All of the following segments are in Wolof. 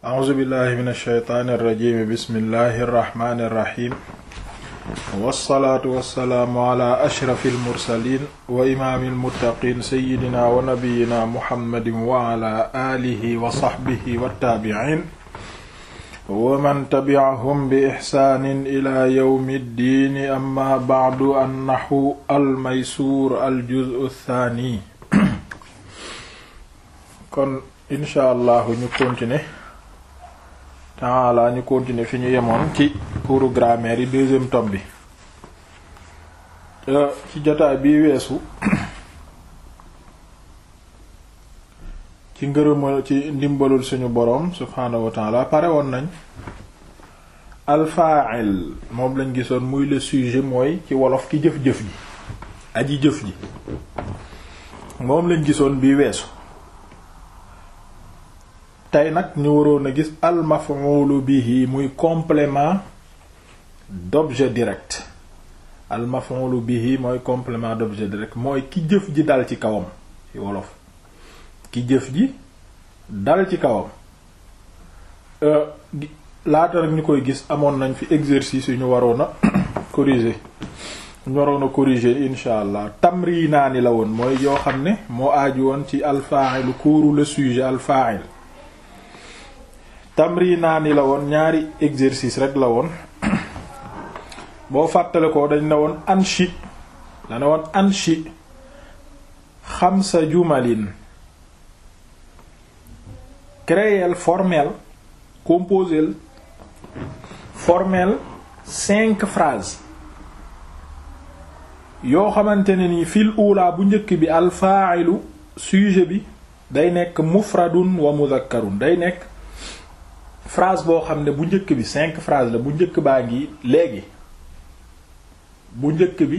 a'uuzu billahi min alsheytaani irrajimi bismillahi irrahmani irrahim wassalaatu wassalaamu ala ashrafi almursalin wa imaami almuttaqin seyidina wa nabiyina muhammadin wa ala aalihi wa saxbihi wattaabicin wa man tabi'ahum bi ixsaanin ila yawmi ddiini amma ba'du annaxu almaysuur aljuz'u thaani kon incha allahu ñu continuer taala ah, ñu continuer fi ñu yemoon ci cours grammaire yi deuxième tome bi euh, ci jotaay bi weesu ci ngërëmal ci ndimbalul suñu boroom subhaanahu wa pare woon nañ alfail moom lañ gisoon muy le sujet mooy ci wolof ki jëf-jëf ji aji jëf ji moom lañ gisoon bi weesu tey nag ñu waroon a gis al maf'ul bihi muy complément d'objet direct al maf'ul bihi mooy complément d'objet direct mooy ki jëf ji dal ci kawam ci wolof ki jëf ji dal ci kawam euh, laata rek ñu koy gis amoon nañ fi exercice yu ñu waroon a corriger ñu waroon a corriger insha allah tamrinaani la woon mooy yoo xam ne moo aaj woon ci al fa'il kuuru le sujet al naa la woon ñaari exercice rek la woon boo fàttale ko dañ ne woon anshi da ne jumalin créel formel composel cinq phrases yoo xamante ne ni fil ula bu njëkk bi al fa'ilu sujet bi day nekk mufradun wa mudhakkarun day nekk phrase boo xam ne bu njëkk bi cinq phrase la bu njëkk baa ngi léegi bu njëkk bi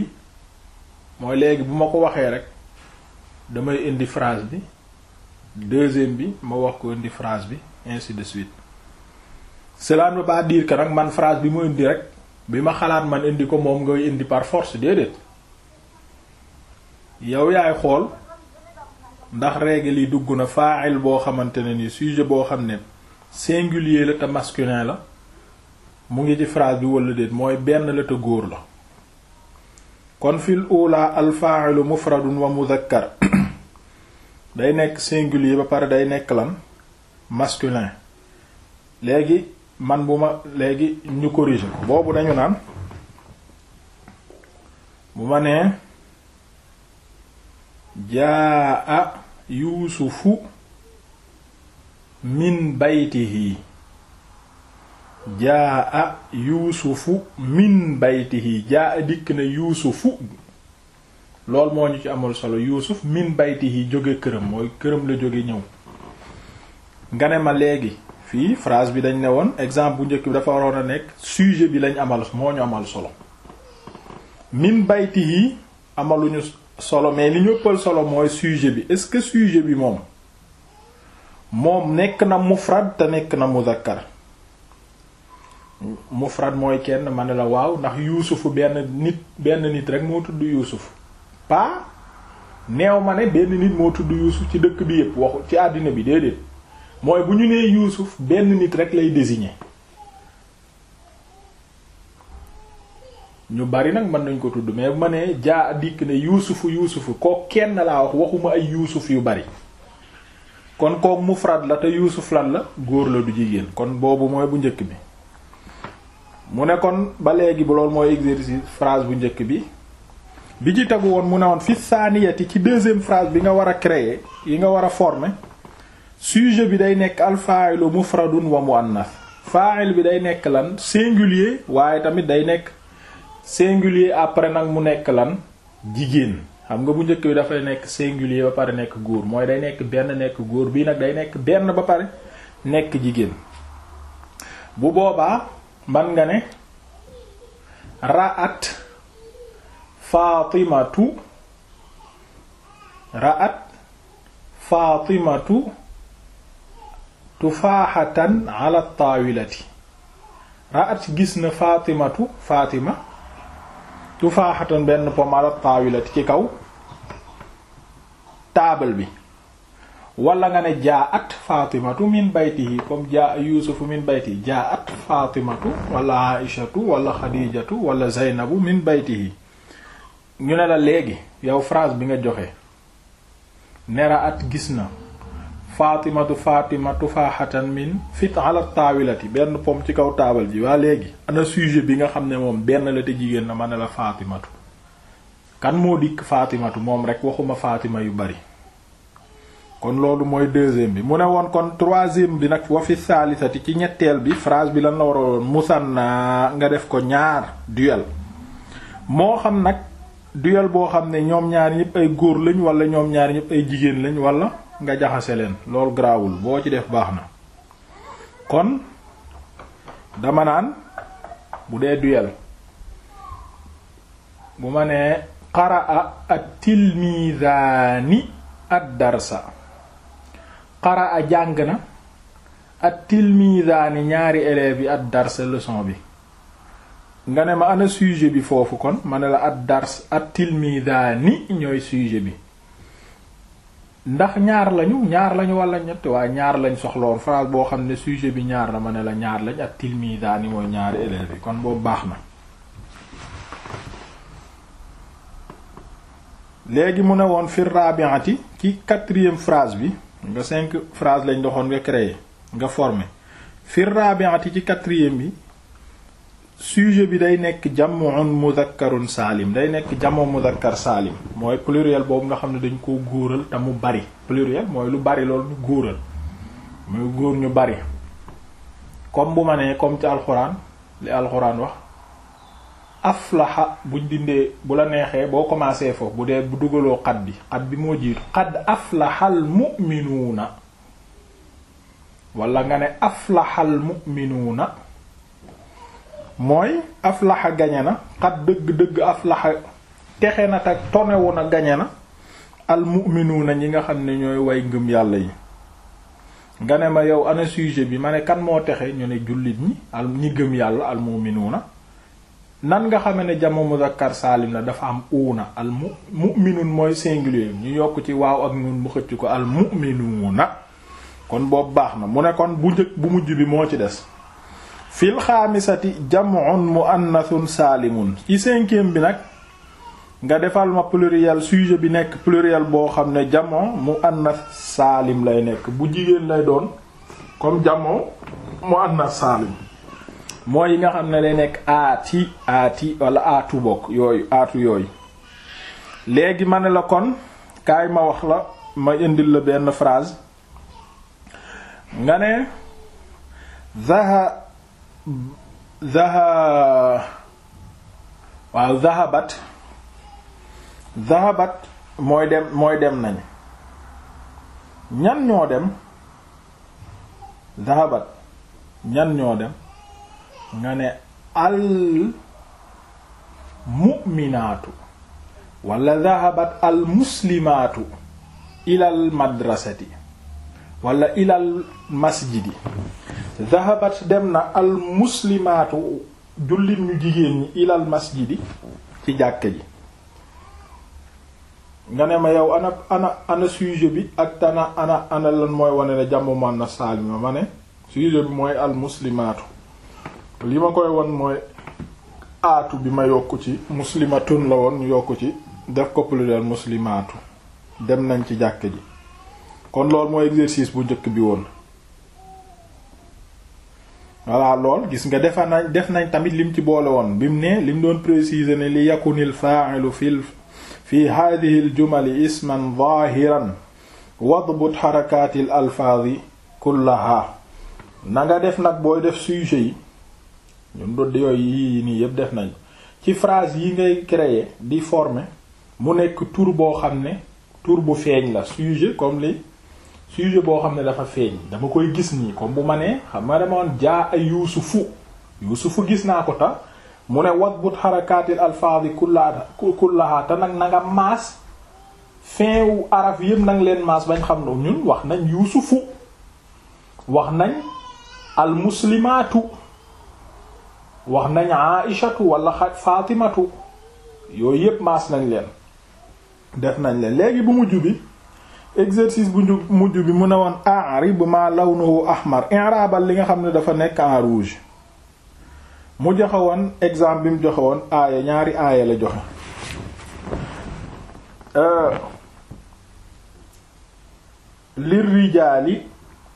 mooy léegi bu ma ko waxee rek damay indi phrase bi deuxième bi ma wax ko indi phrase bi ainsi de suite cela ne veut pas dire man phrase bi mu indi rek bi ma xalaat man indi ko moom ngay indi par force déedéet yow yaay xool ndax règle yi dugg na faaxil boo xamante ne ni sujet boo xam ne singulier la te masculin la mu ngi ci phrase bi walla déet mooy benn la te góor la kon fil ula al fa'ilu mufradun wa mudhakkar day nekk singulier ba pare day nekk lan masculin léegi man bu ma léegi ñu corriger ko boobu dañu naan bu ma nee jaa a yuusufu min baytihi jaa a yuusufu min baytihi jaa a dikk na yuusufu lool moo ñu ci amal solo yuusuf min baytihi jóge këram mooy këram la jóge ñëw nga ne ma léegi fii phrase bi dañ ne woon exemple bu njëkk bi dafa waroon a nekk sujet bi lañ amal moo ñu amal solo min baytihi amaluñu solo mais li ñu ëppal solo mooy sujet bi est-ce que sujet bi moom moom nekk na mufrad te nekk na muzakkar mufrad mooy kenn ma ne la waaw ndax yuusufu benn nit benn nit rek moo tudd yuusuf pa neew ma ne benn nit moo tudd yuusuf ci dëkk bi yépp waxu ci àddina bi déedéet mooy bu ñu nee yuusuf benn nit rek lay désigner ñu bari nag mën nañ ko tudd mais bu ma nee jaa dikk ne yuusufu yuusufu ko kenn laa wax waxuma ay yuusuf yu bari kon kooku mufrad la te yuusuf lan la góor la du jigéen kon boobu mooy bu njëkk bi mu ne kon ba léegi bu mooy exercice phrase bu njëkk bi bi ci tagu woon mu ne woon fi saaniyati ci deuxième phrase bi nga war a créer yi nga war a former sujet bi day nekk al fa'ilu mufradun wa muannas fa'il bi day nekk lan singulier waaye tamit day nekk singulier après nag mu nekk lan jigéen xam nga bu njëkk bi dafay nekk singulier ba pare nekk góor mooy day nekk benn nekk góor bii nag day nekk benn ba pare nekk jigéen bu boobaa man nga ne ra'at fatimatu ra'at fatimatu tufaaxatan ala taawilati ra'at gis na fatimatu fatima tufaaxatan benn pomme ala taawilati ci kaw taabal bi wala nga ne jaa at fatimatu min baytihi comme jaa yusufu min baytihi jaa at fatimatu wala aishatu wala xadijatu wala zaynabu min baytihi ñu ne la léegi yow phrase bi nga joxe nera at gis na faatimatu faatimatu faaxatan min fit ala taawilati benn pom ci kaw taabal ji waa léegi ana sujet bi nga xam ne moom benn la te jigéen na ma ne la faatimatu kan moo dikk faatimatu moom rek waxuma faatima yu bari kon loolu mooy deuxième bi mu ne woon kon troisième bi nag wa fi saalisati ci ñetteel bi phrase bi lan la war a woon musanna nga def ko ñaar duyal moo xam nag duyal boo xam ne ñoom ñaar ñëpp ay góor lañ wala ñoom ñaar ñëpp ay jigéen lañ wala nga jaxase leen lool garaawul boo ci def baax na kon dama naan bu dee duyal bu ma nee qaraa at-tilmizaani ad-darsa qaraa jàng na at-tilmizaani ñaari élèves bi ad-darsa leçon bi nga ne ma ana sujet bi foofu kon ma ne la ad-dars at-tilmizaani ñooy sujet bi ndax ñaar lañu ñaar lañu wala ñett waaye ñaar lañ soxloon phrase boo xam ne sujet bi ñaar la ma ne la ñaar lañ ak tilmidaani mooy ñaari élèves yi kon boobu baax na léegi mu ne woon fir rabi'ati ci quatrième phrase bi nga cinq phrase lañ doxoon nga créé nga formé fir rabi'ati ci quatrième bi sujet bi day nekk jam'un mudhakkarun saalim day nekk jam'un mudhakkar saalim mooy pluriel boobu nga xam ne dañ koo góoral te mu bari pluriel mooy lu bari loolu ñu góoral muy góor ñu bari comme bu ma nee comme ci alxuraan li alxuraan wax aflaxa buñ dindee bu la neexee boo commencé foofu bu dee bu dugaloo xat bi xad bi moo jiitu xad aflaxal mu'minuuna wala nga ne aflaxal mu'minuuna mooy aflaxa gañe na xat dëgg-dëgg aflaxa texe na te tonewu na gañe na al na ñi nga xam ne ñooy way ngëm yàlla yi nga ne ma yow ana sujet bi ma ne kan moo texe ñu ne jullit ñi al ñi gëm yàlla na nan nga xame ne jamo muzakkar saalim la dafa am na al mu mu'minun mooy singulier ñu yokk ci waaw ak ñun mu xëcc ko al mu'minuuna kon boobu baax na mu ne kon bu njëkk bu mujj bi moo ci des fil xaamisati jam'un muannathun saalimun ci cinquième bi nag nga defal ma pluriel sujet bi nekk pluriel boo xam ne jamon muannath saalim lay nekk bu jigéen lay doon comme jamon muannath saalim mooy yi nga xam ne lay nekk aati aati wala aatu bokk yooyu aatu yooyu léegi ma ne la kon kaay ma wax la ma indil la benn phrase nga ne zaha zaha waaw zahabat zahabat mooy dem mooy dem nañ ñan ñoo dem zahabat ñan ñoo ne al mu'minaatu wala zahabat al muslimaatu ilal madrasati wala ilal masjidi dhahabat dem na al muslimaatu jullit ñu jigéen ñi ilal masjidi ci jàkke ji nga ne ma yow ana ana ana sujet bi ak tana ana ana lan mooy wane ne jàmm man na saalima ma ne sujet bi mooy al muslimaatu li ma koy won mooy aatu bi ma yokku ci muslimatun la woon ñu yokku ci def ko pluriel muslimaatu dem nañ ci jàkke ji kon loolu mooy exercice bu njëkk bi woon voilà lool gis nga defa nañ def nañ tamit lim ci boole woon bi mu ne lim doon préciser ne li yakunil fa'ilu fil fi hadhihi al jumali isman zahiran wadbut xarakaatil alfaadi kullaha na nga def nag booy def sujet yi ñun dodd yooyu yii nii yépp def nañ ci phrase yi ngay créer di forme mu nekk tur boo xam ne tur bu feeñ la sujet comme li sujet boo xam ne dafa feeñ dama koy gis nii comme bu ma nee xam nga dama jaa ay yuusufu yuusufu gis naa ko ta mu ne wagbut xarakaatil alfaadi kullaha kullaha te nag na nga maas fin wu araf yëpp nag leen maas bañ xam ne ñun wax nañ yuusufu wax nañ almuslimaatu wax nañ aishatu wala fatimatu yooyu yëpp maas nañ leen def nañ leen léegi bu mujj bi exercice bu mujj bi mu ne woon a'rib ma lawnuhu ahmar i'rabal li nga xam ne dafa nekk en rouge mu joxe woon exemple bi mu joxe woon aaya ñaari aaya la joxe euh, lir rijaali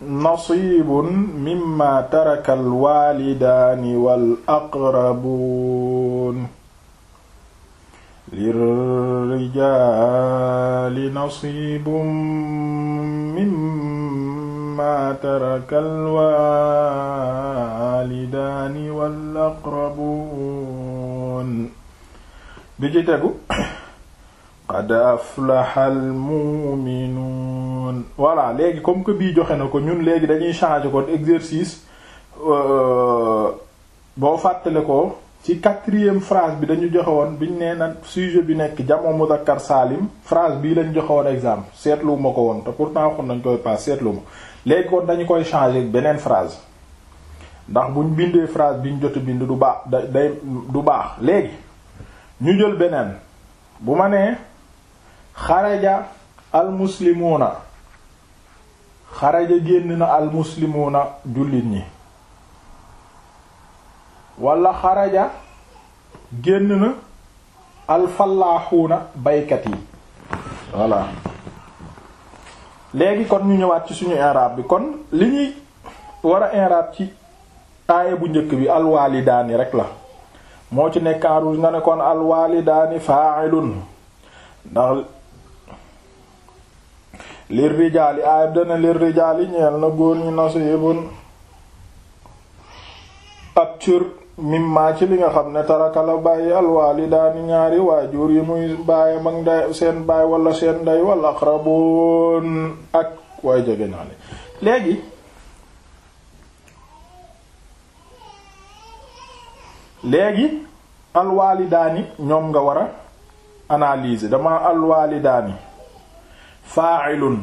nasibun mimma taraka al walidaani wal aqrabuun lirrijaali nasiibum mimmaa tarakal waalidaani wal aqrabuun bi ci tegu qad aflaxal mu'minuun voilà léegi comme que bii joxe na ko ñun léegi dañuy changer kon exercice euh, boo fàttale ko ci quatrième phrase bi dañu joxe woon bi ñu nee na sujet bi nekk jamoo muzakkar saalim phrase bii lañ joxe woon exemple seetlu ko woon te pourtant waxoon nañ koy paas seetlu ma léegi kon dañu koy changer beneen phrase ndax buñ bindee phrase biñ jot a bind du baax da day du baax léegi ñu jël beneen bu ma nee xaraja almuslimuuna xaraja génn na almuslimuuna jullit ñi wala xaraja génn na alfallaaxuuna baykat yi voilà léegi kon ñu ñëwaat ci suñu inrab bi kon li ñuy war a ci aaya bu njëkk bi alwaalidaani rek la moo ci nekkaaruus nga ne kon alwaalidaani fa'ilun ndax lir rijaali aayab dana lir rijaali ñeel na góor ñi nasibun ab cër mimma ci li nga xam ne taraka la bàyyi alwaalidaani ñaari waajur yi muy baayam ak ndey seen baay wala seen ndey wala aqraboon ak waaye jege naa léegi léegi alwaalidaani ñoom nga war a analyser dama alwaalidaani fa'ilun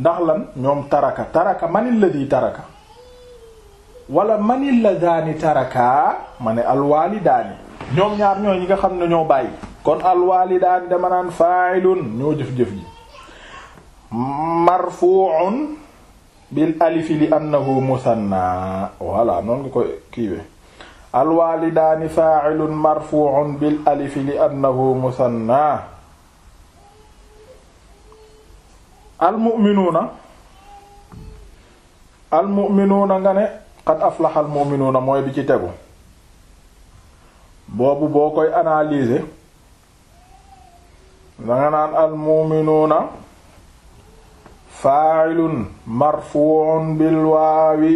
ndax lan ñoom taraka taraka manil ladhi taraka wala manil la daani tarakaa ma ne alwaalidaani ñoom ñaar ñooy ñi nga xam ne ñoo bàyyi kon alwaalidaani dama naan fa'ilun ñoo jëf-jëf ji marfu'un bil alifi li annahu musanna voilà noonu nga nga ne qad aflaxal mu'minuuna mooy bi ci tegu boobu boo koy analyser danga naan al mu'minuuna faa'ilun marfuu'un bil waawi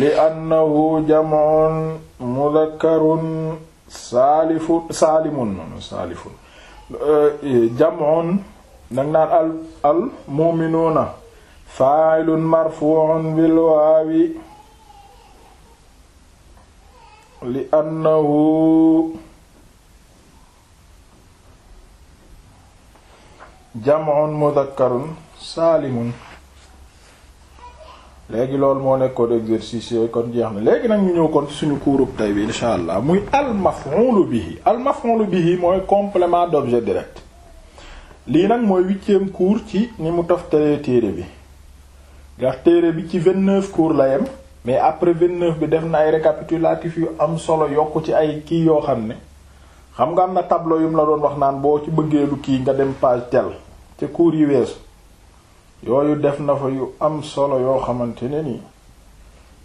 li annahu jam'un mudhakkarun saalifun saalimun saalifun euh, jam'un danga li annahu jam'un mudhakkarun saalimun léegi loolu moo nekkoon exercice yooyu kon jeex na léegi nag ñu ñëw kon suñu kuurub tay bi insha allah muy al maf'ul bihi al maf'ul bihi mooy complément d'objet direct lii nag mooy huitième cours ci ni mu toftalee téere bi ndax téere bi ci vingt-neuf cours la yem mais après 29 bi def na ay récapitulatif yu am solo yokk ci ay kii yoo xam ne xam nga am na tableau yum la doon wax naan boo ci bëggee lu kii nga dem page tel ca cours yi weesu yooyu def na fa yu am solo yoo xamante ne ni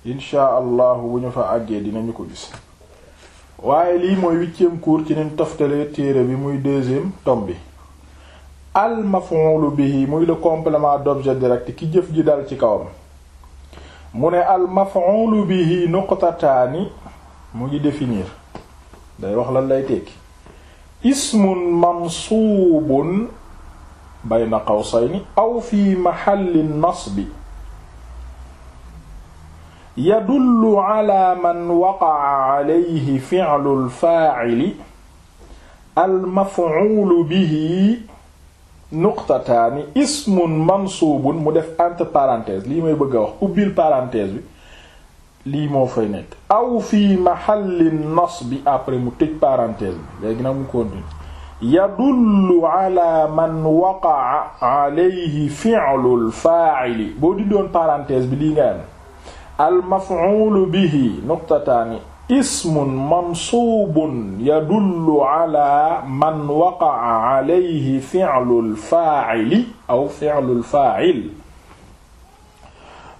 incha allahu bu ñu fa àggee dinañu ko gis waaye lii mooy huitième cours ci nin toftalee téere bi muy deuxième tome bi al maf'ul bihi muy le complément d'objet direct ki jëf ji dal ci kawam mu ne al maf'ul bihi nuqtataani mu ngi définir day wax lan lay tekki ismun mansuubun bayna qawsayni aw fi mahalli nasbi yadullu ala man waqa'a alayhi fi'lu al-faa'ili al maf'ul bihi nuqtataani ismun mansuubun mu def entre parenthèse lii may bëgg a wax ubbil parenthèse bi lii moo fay nekk aw fi mahallin nasbi après mu tëj parenthèse bi léegi nag mu continue yadullu ala man waqaa alayhi fi'lul faa'ili boo di doon parenthèse bi lii nga am al maf'ul bihi nuqtataani ismun mansuubun yadullu ala man waqa'a alayhi fi'lul faa'ili aw fi'lul faa'il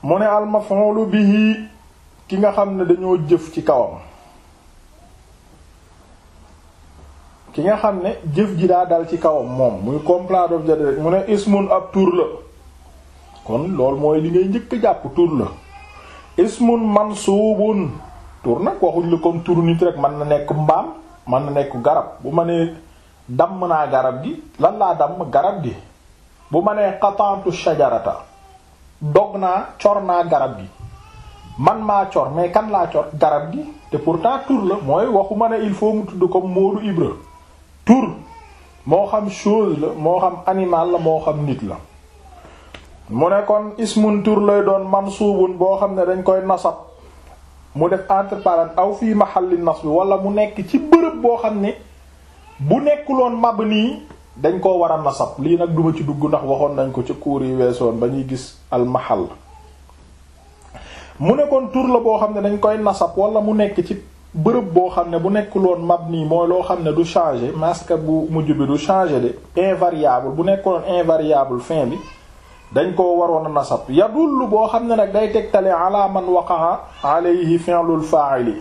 mu ne al maf'ulu bihi ki nga xam ne dañoo jëf ci kawam ki nga xam ne jëf ji daa dal ci kawam moom muy complément d'objet rek mu ne ismun ab tur la kon loolu mooy li ngay njëkk jàpp tur la ismun mansuubun tur nag waxuñ la comme tur nit rek mën na nekk mbaam man na nekk garab bu ma nee damm naa garab gi lan laa dam garab gi bu ma nee xatantu shajarata dog naa cor naa garab gi man maa cor mais kan laa cor garab gi te pourtant tur la mooy waxu ma ne il faut mu tudd comme Modou Ibra tur moo xam chose la moo xam animal la moo xam nit la mu ne kon ismun tur lay doon mansuubun boo xam ne dañ koy nasab mu def entre parenthèses aw fii mahalli nasb wala mu nekk ci bërëb boo xam ne bu nekkuloon nii dañ koo war a nasab lii nag duma ci dugg ndax waxoon nañ ko ci cours yi weesoon ba ñuy gis al mahal mu nekkoon tur la boo xam ne dañ koy nasab wala mu nekk ci bërëb boo xam ne bu nekkuloon mabni mooy loo xam ne du changer masque bu mujj bi du changer de invariable bu nekkuloon invariable fin bi dañ koo waroon a nasab yadullu boo xam ne nag day tegtale ala man waqa'a alayhi fi'lul fa'ili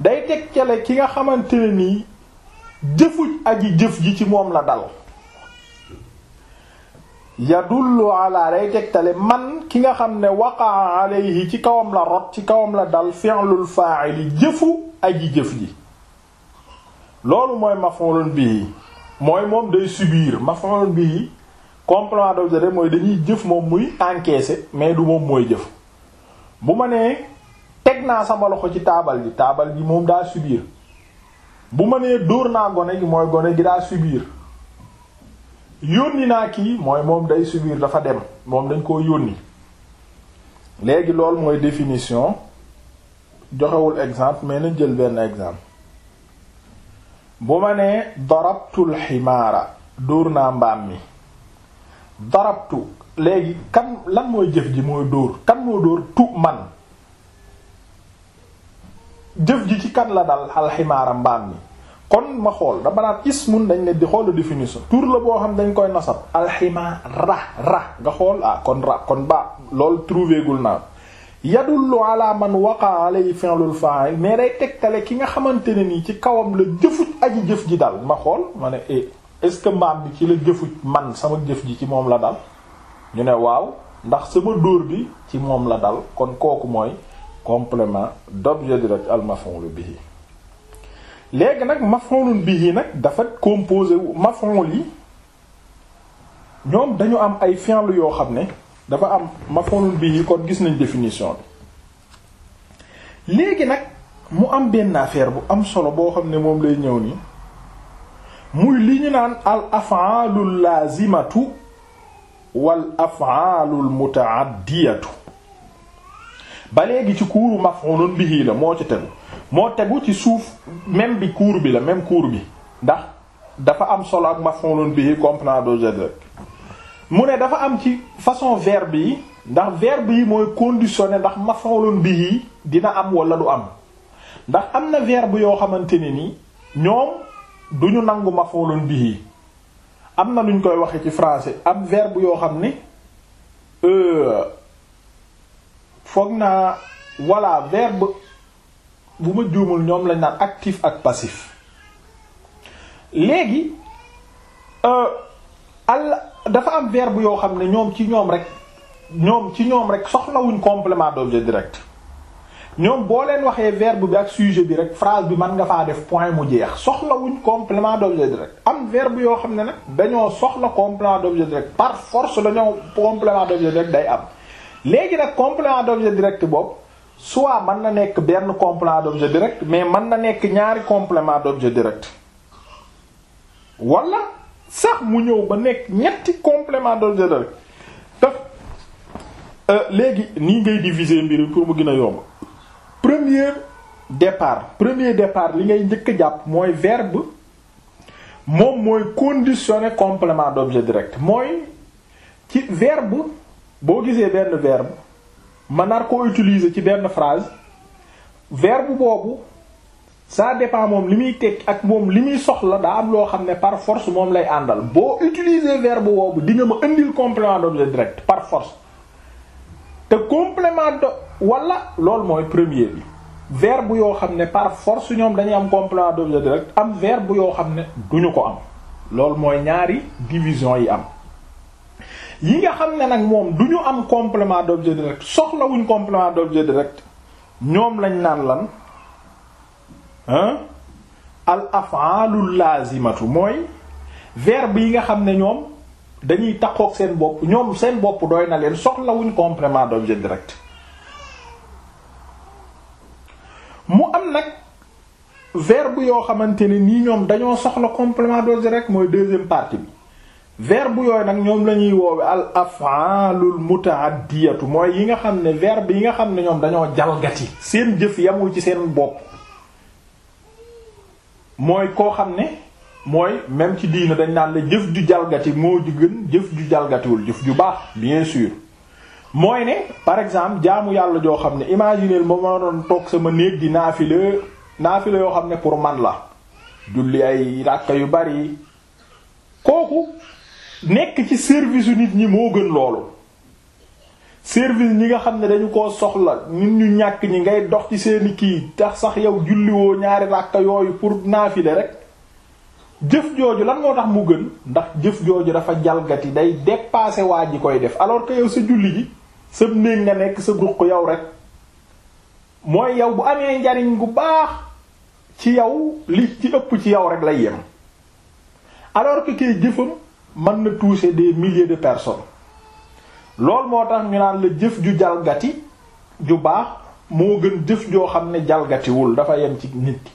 day tegtale ki nga xamante ne nii jëfu aji jëf ji ci moom la dal yadullu ala day tegtale man ki nga xam ne waqa'a alayhi ci kawam la rot ci kawam la dal fi'lul fa'ili jëfu aji jëf ji loolu mooy maf'ulun bihi mooy moom day subir maf'ulun bihi complément d'objet rek mooy dañuy jëf moom muy encaisser mais du moom mooy jëf bu ma nee teg naa sama loxo ci taabal ji taabal ji moom daa subir bu ma nee dóor naa gone gi mooy gone gi daa subir yónni naa kii mooy moom day subiir dafa dem moom dañ koo yónni léegi loolu mooy définition joxewul exemple mais nañ jël benn exemple bu ma nee darabtul ximaara dóor naa mbaam mi darabtu léegi kan lan mooy jëf ji mooy dóor kan moo dóor tu man jëf ji ci kan la dal alximaara mbaam mi kon ma xool dama naan ismun dañ ne di xoolu définition tur la boo xam dañ koy nasab alximaa ra ra nga xool ah kon ra kon ba loolu trouvé gul naa yadullu ala man waqa alayhi fi'lul fa'il mais day tegtale ki nga xamante ne nii ci kawam la jëfu aji jëf ji dal ma xool ma ne eh est-ce que mbaam bi ci la jëfu man sama jëf ji ci moom la dal ñu ne waaw ndax sama dóor bi ci moom la dal kon kooku mooy complément d'objet direct al maf'ul bihi léegi nag maf'ul bihi nag dafa composé wu maf'ul yi ñoom dañu am ay fi'l yoo xam ne dafa am maf'ul yi kon gis nañ definition bi léegi nag mu am benn affaire bu am solo boo xam ne moom lay ñëw nii muy li ñu naan al af'aalul laazimatu wal af'aalul muta'addiyatu ba léegi ci kuuru maf'ulun bihi la moo ci tegu moo tegu ci suuf même bi kuur bi la même kuur bi ndax dafa am solo ak maf'ulun bihi complément d'objet rek mu ne dafa am ci façon verbe yi ndax verbe yi mooy conditionne ndax maf'ulun bihi dina am walla du am ndax am na verbe yoo xamante ne ni ñoom du ñu nangu mafooloon bihi am na lu ñu koy waxee ci français am verbe yoo xam ne euh, foog naa walla verbe bu ma juumul ñoom lañ naan actif ak passif léegi euh, al dafa am verbe yoo xam ne ñoom ci ñoom rek ñoom ci ñoom rek soxlawuñ complément d'objet direct ñoom boo leen waxee verbe bi ak sujet bi rek phrase bi mën nga faa def point mu jeex soxlawuñ complément d'objet direct am verbe yoo xam ne nag dañoo soxla complément d'objet direct par force dañoo complément d'objet direct day am léegi nag complément d'objet direct boobu soit man na nekk benn complément d'objet direct mais mën na nekk ñaari complément d'objet direct wala sax mu ñëw ba nekk ñetti complément d'objet direct euh, léegi nii ngay diviser mbir pour mu gën a yomb premier départ premier départ li ngay njëkk a jàpp mooy verbe moom mooy conditionné complément d'objet direct mooy ci verbe boo gisee benn verbe man nar koo utiliser ci benn phrase verbe boobu ça dépend moom li muy tekki ak moom li muy soxla daa am loo xam ne par force moom lay àndal boo utiliser verbe boobu di nga ma indil complément d'objet direct par force te complément d'objet wala loolu mooy premier bi verbe yoo xam ne par force ñoom dañuy am complément d'objet direct am verbe yoo xam ne duñu ko am loolu mooy ñaari division yi am yi nga xam ne nag moom du ñu am complement d'objet direct soxlawuñ complément d'objet direct ñoom lañ naan lan hein al af'alul lazimatu mooy verbe yi nga xam ne ñoom dañuy takkook seen bopp ñoom seen bopp doy na leen soxlawuñ complément d'objet direct mu am nag verbe yoo xamante ni nii ñoom dañoo soxla complement d'objet rek mooy deuxième partie bi verbe yooyu nag ñoom la ñuy woowe al af'alul muta'addiyatu mooy yi nga xam ne verbe yi nga xam ne ñoom dañoo jalgati seen jëf yamul ci seen bopp mooy koo xam ne mooy même ci diina dañ naan la jëf ju jalgati moo ju gën jëf ju jalgatiwul jëf ju baax bien sûr mooy ne par exemple jaamu yàlla joo xam ne imagineel ma ma doon toog sama néeg di naafila naafila yoo xam ne pour man la julli ay ràkka yu bari kooku nekk ci service nit ñi moo gën loolu service ñi nga xam ne dañu ko soxla nit ñu ñàkk ñi ngay dox ci seeni kii tax sax yow julliwoo ñaari ràkka yooyu pour naafile rek jëf jooju lan moo tax mu gën ndax jëf jooju dafa jalgati day dépasser waa ji koy def alors que yow sa julli ji sab néeg nga nekk sa duq yow rek mooy yow bu amee njariñ bu baax ci yow li ci ëpp ci yow rek lay yem alors que kay jëfam mën na toucher des milliers de personnes loolu moo tax ñu naan la jëf ju jalgati ju baax moo gën jëf joo xam ne jalgatiwul dafa yem ci nit ki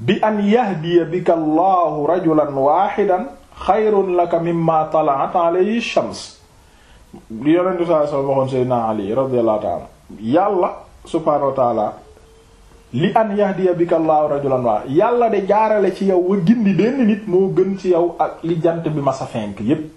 bi an yahdiya bika allahu rajulan waaxidan xayrun laka mimma talaat alayhi shams li yonentu saa sallam waxoon Seydina Ali radiyallahu ta'ala yàlla subhaanahu wa li an yahdiya bika Allahu rajulan waa yàlla de jaarale ci yow wa gindi benn nit moo gën ci yaw ak li jant bi masa fenk yépp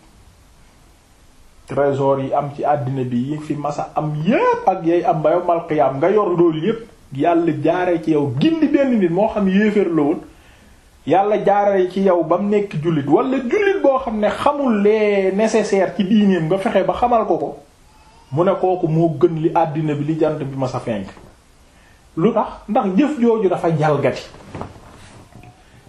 trésor yi am ci àddina bi yi fi masa am yépp ak yay am ba yawmal qiyaam nga yor loolu yépp yàlla jaare ci yow gindi benn nit moo xam yéeféer la woon yàlla jaarale ci yow ba mu nekk jullit walla jullit boo xam ne xamul lee nécessaire ci diineem nga fexe ba xamal ko ko mu ne kooku moo gën li àddina bi li jant bi ma sa fenk lu tax ndax jëf jooju dafa jalgati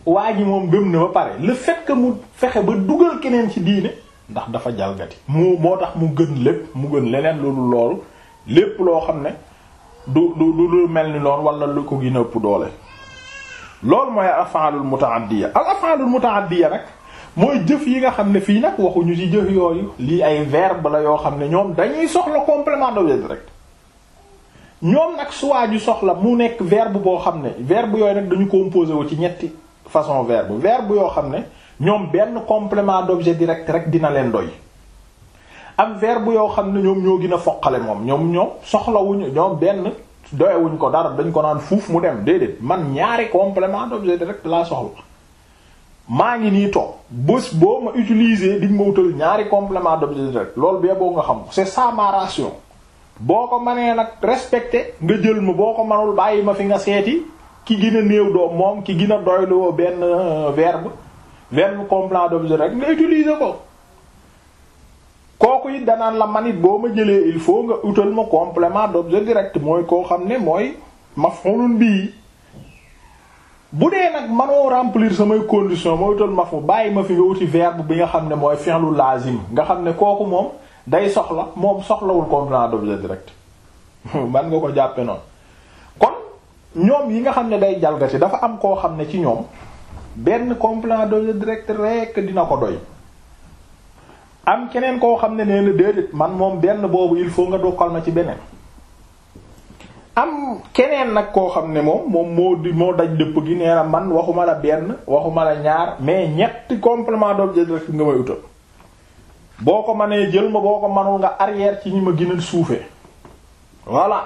waa ji moom gëm na ba pare le fait mu fexe ba dugal keneen ci diine ndax dafa jalgati mu moo tax mu gën lépp mu gën leneen lu dul loolu lépp loo xam ne du du du mel ni lool wala lu ko gën ëpp doole loolu mooy al af'alul mutaaddiya al af'alul mutaaddiya nag mooy jëf yi nga xam ne fii nag waxuñu ci jëf yooyu lii ay verbe la yoo xam ne ñoom dañuy soxla complément d'objet direct ñoom nag soit soxla mu nekk verbe boo xam ne verbe yooyu nag dañu composé wu ci ñetti façon verbe verbe yoo xam ne ñoom benn complément d'objet direct rek dina leen doy am verbe yoo xam ne ñoom ñoo gën a foqale moom ñoom ñoom soxlawuñu ñoom benn doyewuñ ko dara dañ ko naan fuuf mu dem déedéet man ñaari complément d'objet direct laa soxla maa ngi nii toog bés boo ma utiliser diñ ma wutal ñaari complément d'objet direct loolu bee boo nga xam c'est ça ma ration boo ko manee nag respecté nga jël ma boo ko mënul bàyyi ma fi nga seeti ki gën a néew doom moom ki gën a doyluwoo benn verbe verbe complément d'objet direct nga utiliser ko kooku yi danaan la manit boo ma jëlee il faut nga utal ma complément d'objet direct mooy koo xam ne mooy maf'ulun bii bu dee nag manoo remplir samay condition ma utal ma bàyyi ma fi nga wuti verbe bi nga xam ne mooy fi'lu lazim nga xam ne kooku moom day soxla moom soxlawul complément d'objet direct man nga ko jàppe noonu kon ñoom yi nga xam ne day jalgati dafa am koo xam ne ci ñoom benn complément d'objet direct rek dina ko doy am keneen koo xam ne nee na déedéet man moom benn boobu il faut nga dokkal ma ci beneen am keneen nag koo xam ne moom moom moo di moo daj dëpp gi nee na man waxuma la benn waxuma la ñaar mais ñetti complément d'objet rek nga may utal boo ko mënee jël ma boo ko mënul nga arrière ci ñu ma gën a suufee voilà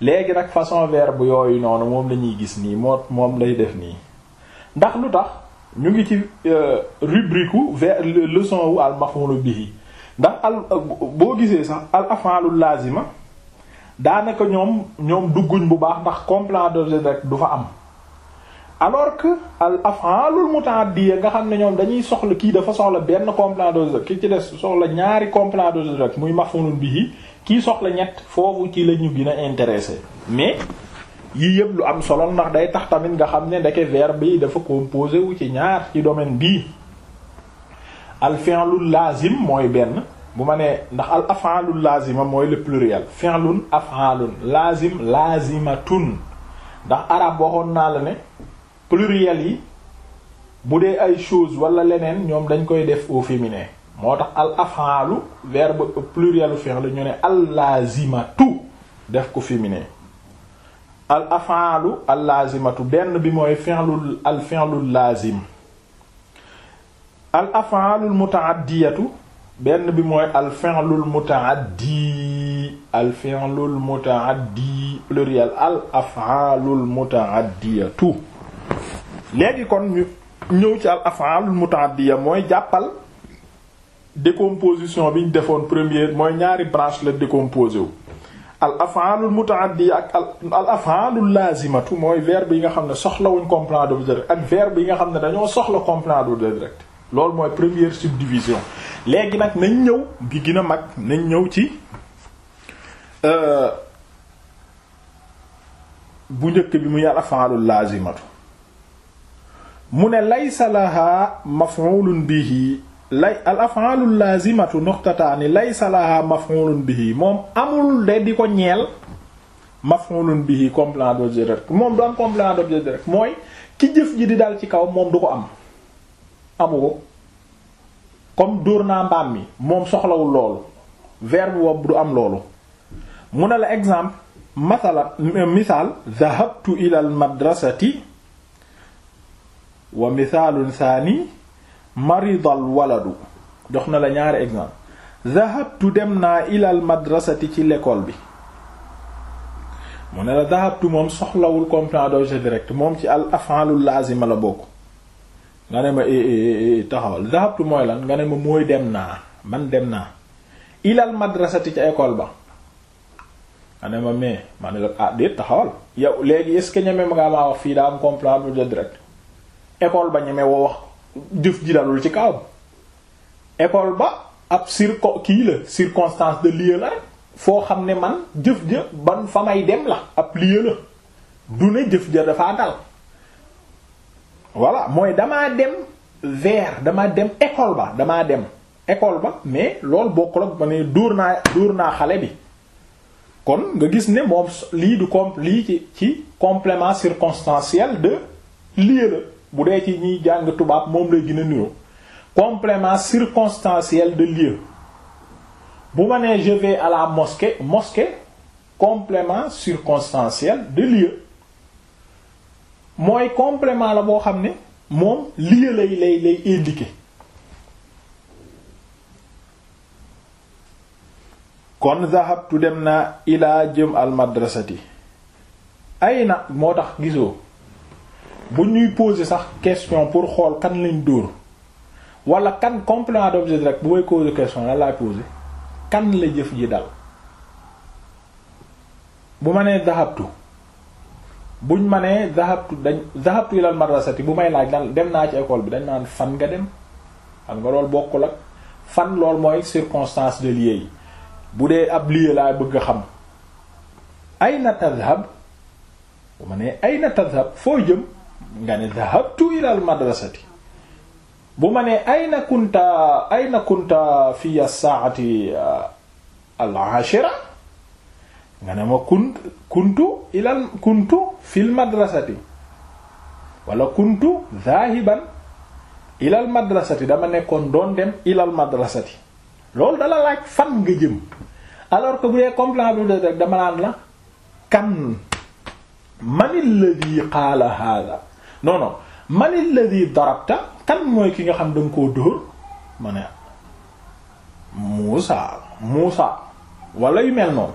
léegi nag façon bu yooyu noonu moom lañuy gis nii moo moom lay def nii ndax lu tax ñu ngi ci euh, rubrique wu vers leçon wu al maf'ul bihi ndax al boo gisee sax al af'alul lazima daanaka ñoom ñoom dugguñ bu baax ndax complément d'objet rek du fa am alors que al af'alul mutaaddiya nga xam ne ñoom dañuy soxla kii dafa soxla benn complément d'objet ki ci des soxla ñaari complément d'objet rek muy maf'ulun bihi kii soxla ñett foofu ci la ñu gën a intéressé mais. yii yëpp lu am solo ndax day tax tamit nga xam ne ndeke verbe yi dafa composé wu ci ñaar ci domaine bii al fi'lul lazim mooy benn bu ma nee ndax al af'alul lazima mooy le pluriel fi'lun af'alun lazim lazimatun ndax arab waxoon naa la ne pluriel yi bu dee ay chose wala leneen ñoom dañ koy def au féminin moo tax al af'alu verbe plurielu fi'l ñu ne al lazimatu def ko féminin al afaalu al laazimatu benn bi mooy fi'lul al fi'lul laazim al afaalul mutaaddiyatu benn bi mooy al fi'lul mutaaddi al fi'lul mutaaddi pluriel al afaalul mutaaddiyatu léegi kon ñu ñëw ci al afaalul mutaaddiya mooy jàppal décomposition bi ñu defoon premier mooy ñaari branche la décomposé wu al af'aalul mutaaddiya ak al af'aalul laazimatu mooy verbe yi nga xam ne soxlawuñ complément d'objet direct ak verbe yi nga xam ne dañoo soxla complément d'objet direct loolu mooy première subdivision léegi nag nañ ñëw bi gën a mag nañ ñëw ci euh, bu njëkk bi muy al af'aalul laazimatu mu ne laysa lahaa maf'uulun bihi lay al af'aalul laazimatu nuqtataani laysa lahaa maf'uulun bihi moom amul de di ko ñeel maf'uulun bihi complément d'objet direct moom du am complément d'objet mooy ki jëf ji di dal ci kaw moom du ko am amu comme dóor naa mbaam mi moom soxlawul loolu verbe boobu du am loolu mu ne la exemple masala misaal dhahabtu ila madrasati wa mithaalun thaani maridal waladu jox na la ñaari exemple dhahabtu dem naa ilal madrasati ci l'école bi mu ne la dhahabtu moom soxlawul complément d'objet direct moom ci al af'alul lazima la bokk nga ne ma eh, eh, eh, taxawal dhahabtu mooy lan nga ne ma mooy dem naa man dem naa ilal madrasati ci école ba nga ne ma mais ma ne la ah déet taxawal yow léegi est-ce ñeme ma ngaa maa wax fii daa am complément d'objet direct école ba ñeme woo wax jëf ji dalul ci kawam école ba ab circo kii la circonstance de lieu la rek foo xam ne man jëf ja ban fa may dem la ab lieu la du ne jëf ja dafaa dal voilà mooy damaa dem vers dama dem école ba damaa dem école ba mais loolu bokkul ak ma ne dóor naa dóor naa xale bi kon nga gis ne moom lii du comp lii ci ci complément circonstanciel de lieu la bu dee ci ñuy jàng tubaab moom lay gën a niroo complément circonstanciel de lieu bu ma nee je vais à la mosquée mosquée complément circonstanciel de lieu mooy complément la boo xam ne moom lieu lay lay lay indiquer kon zahabtu dem naa ilaa jëm al madrasati ay na moo tax gisoo bu ñuy poser sax question pour xool kan lañ dóor wala kan complément d'objet direct bu may poser question lan laay poser kan la jëf ji dal bu ma nee dahabtu buñ ma nee dahabtu dañ dahabtu ilal madrasati bu may laaj lan dem naa ci école bi dañ naan fan nga dem xam nga loolu bokkul ak fan loolu mooy circonstance de lieu yi bu dee ab lieu laa bëgg a xam ayna tadhhab bu ma nee ayna tadhhab foo jëm nga ne dhahabtu ilal madrasati bu ma nee ayna kunta ayna kunta fi as-saati uh, al-ashira nga ne ma kunt kuntu ilal kuntu fil madrasati wala kuntu dhahiban ilal madrasati dama nekkoon doon dem ilal madrasati loolu dala laaj fan nga jëm alors que bu dee complément bi rek dama naan la kan man alladhi qaala hadha non non la ladhi darabta kan mooy ki nga xam da nga koo dóor ma ne Muusa Muusa wala yu mel noonu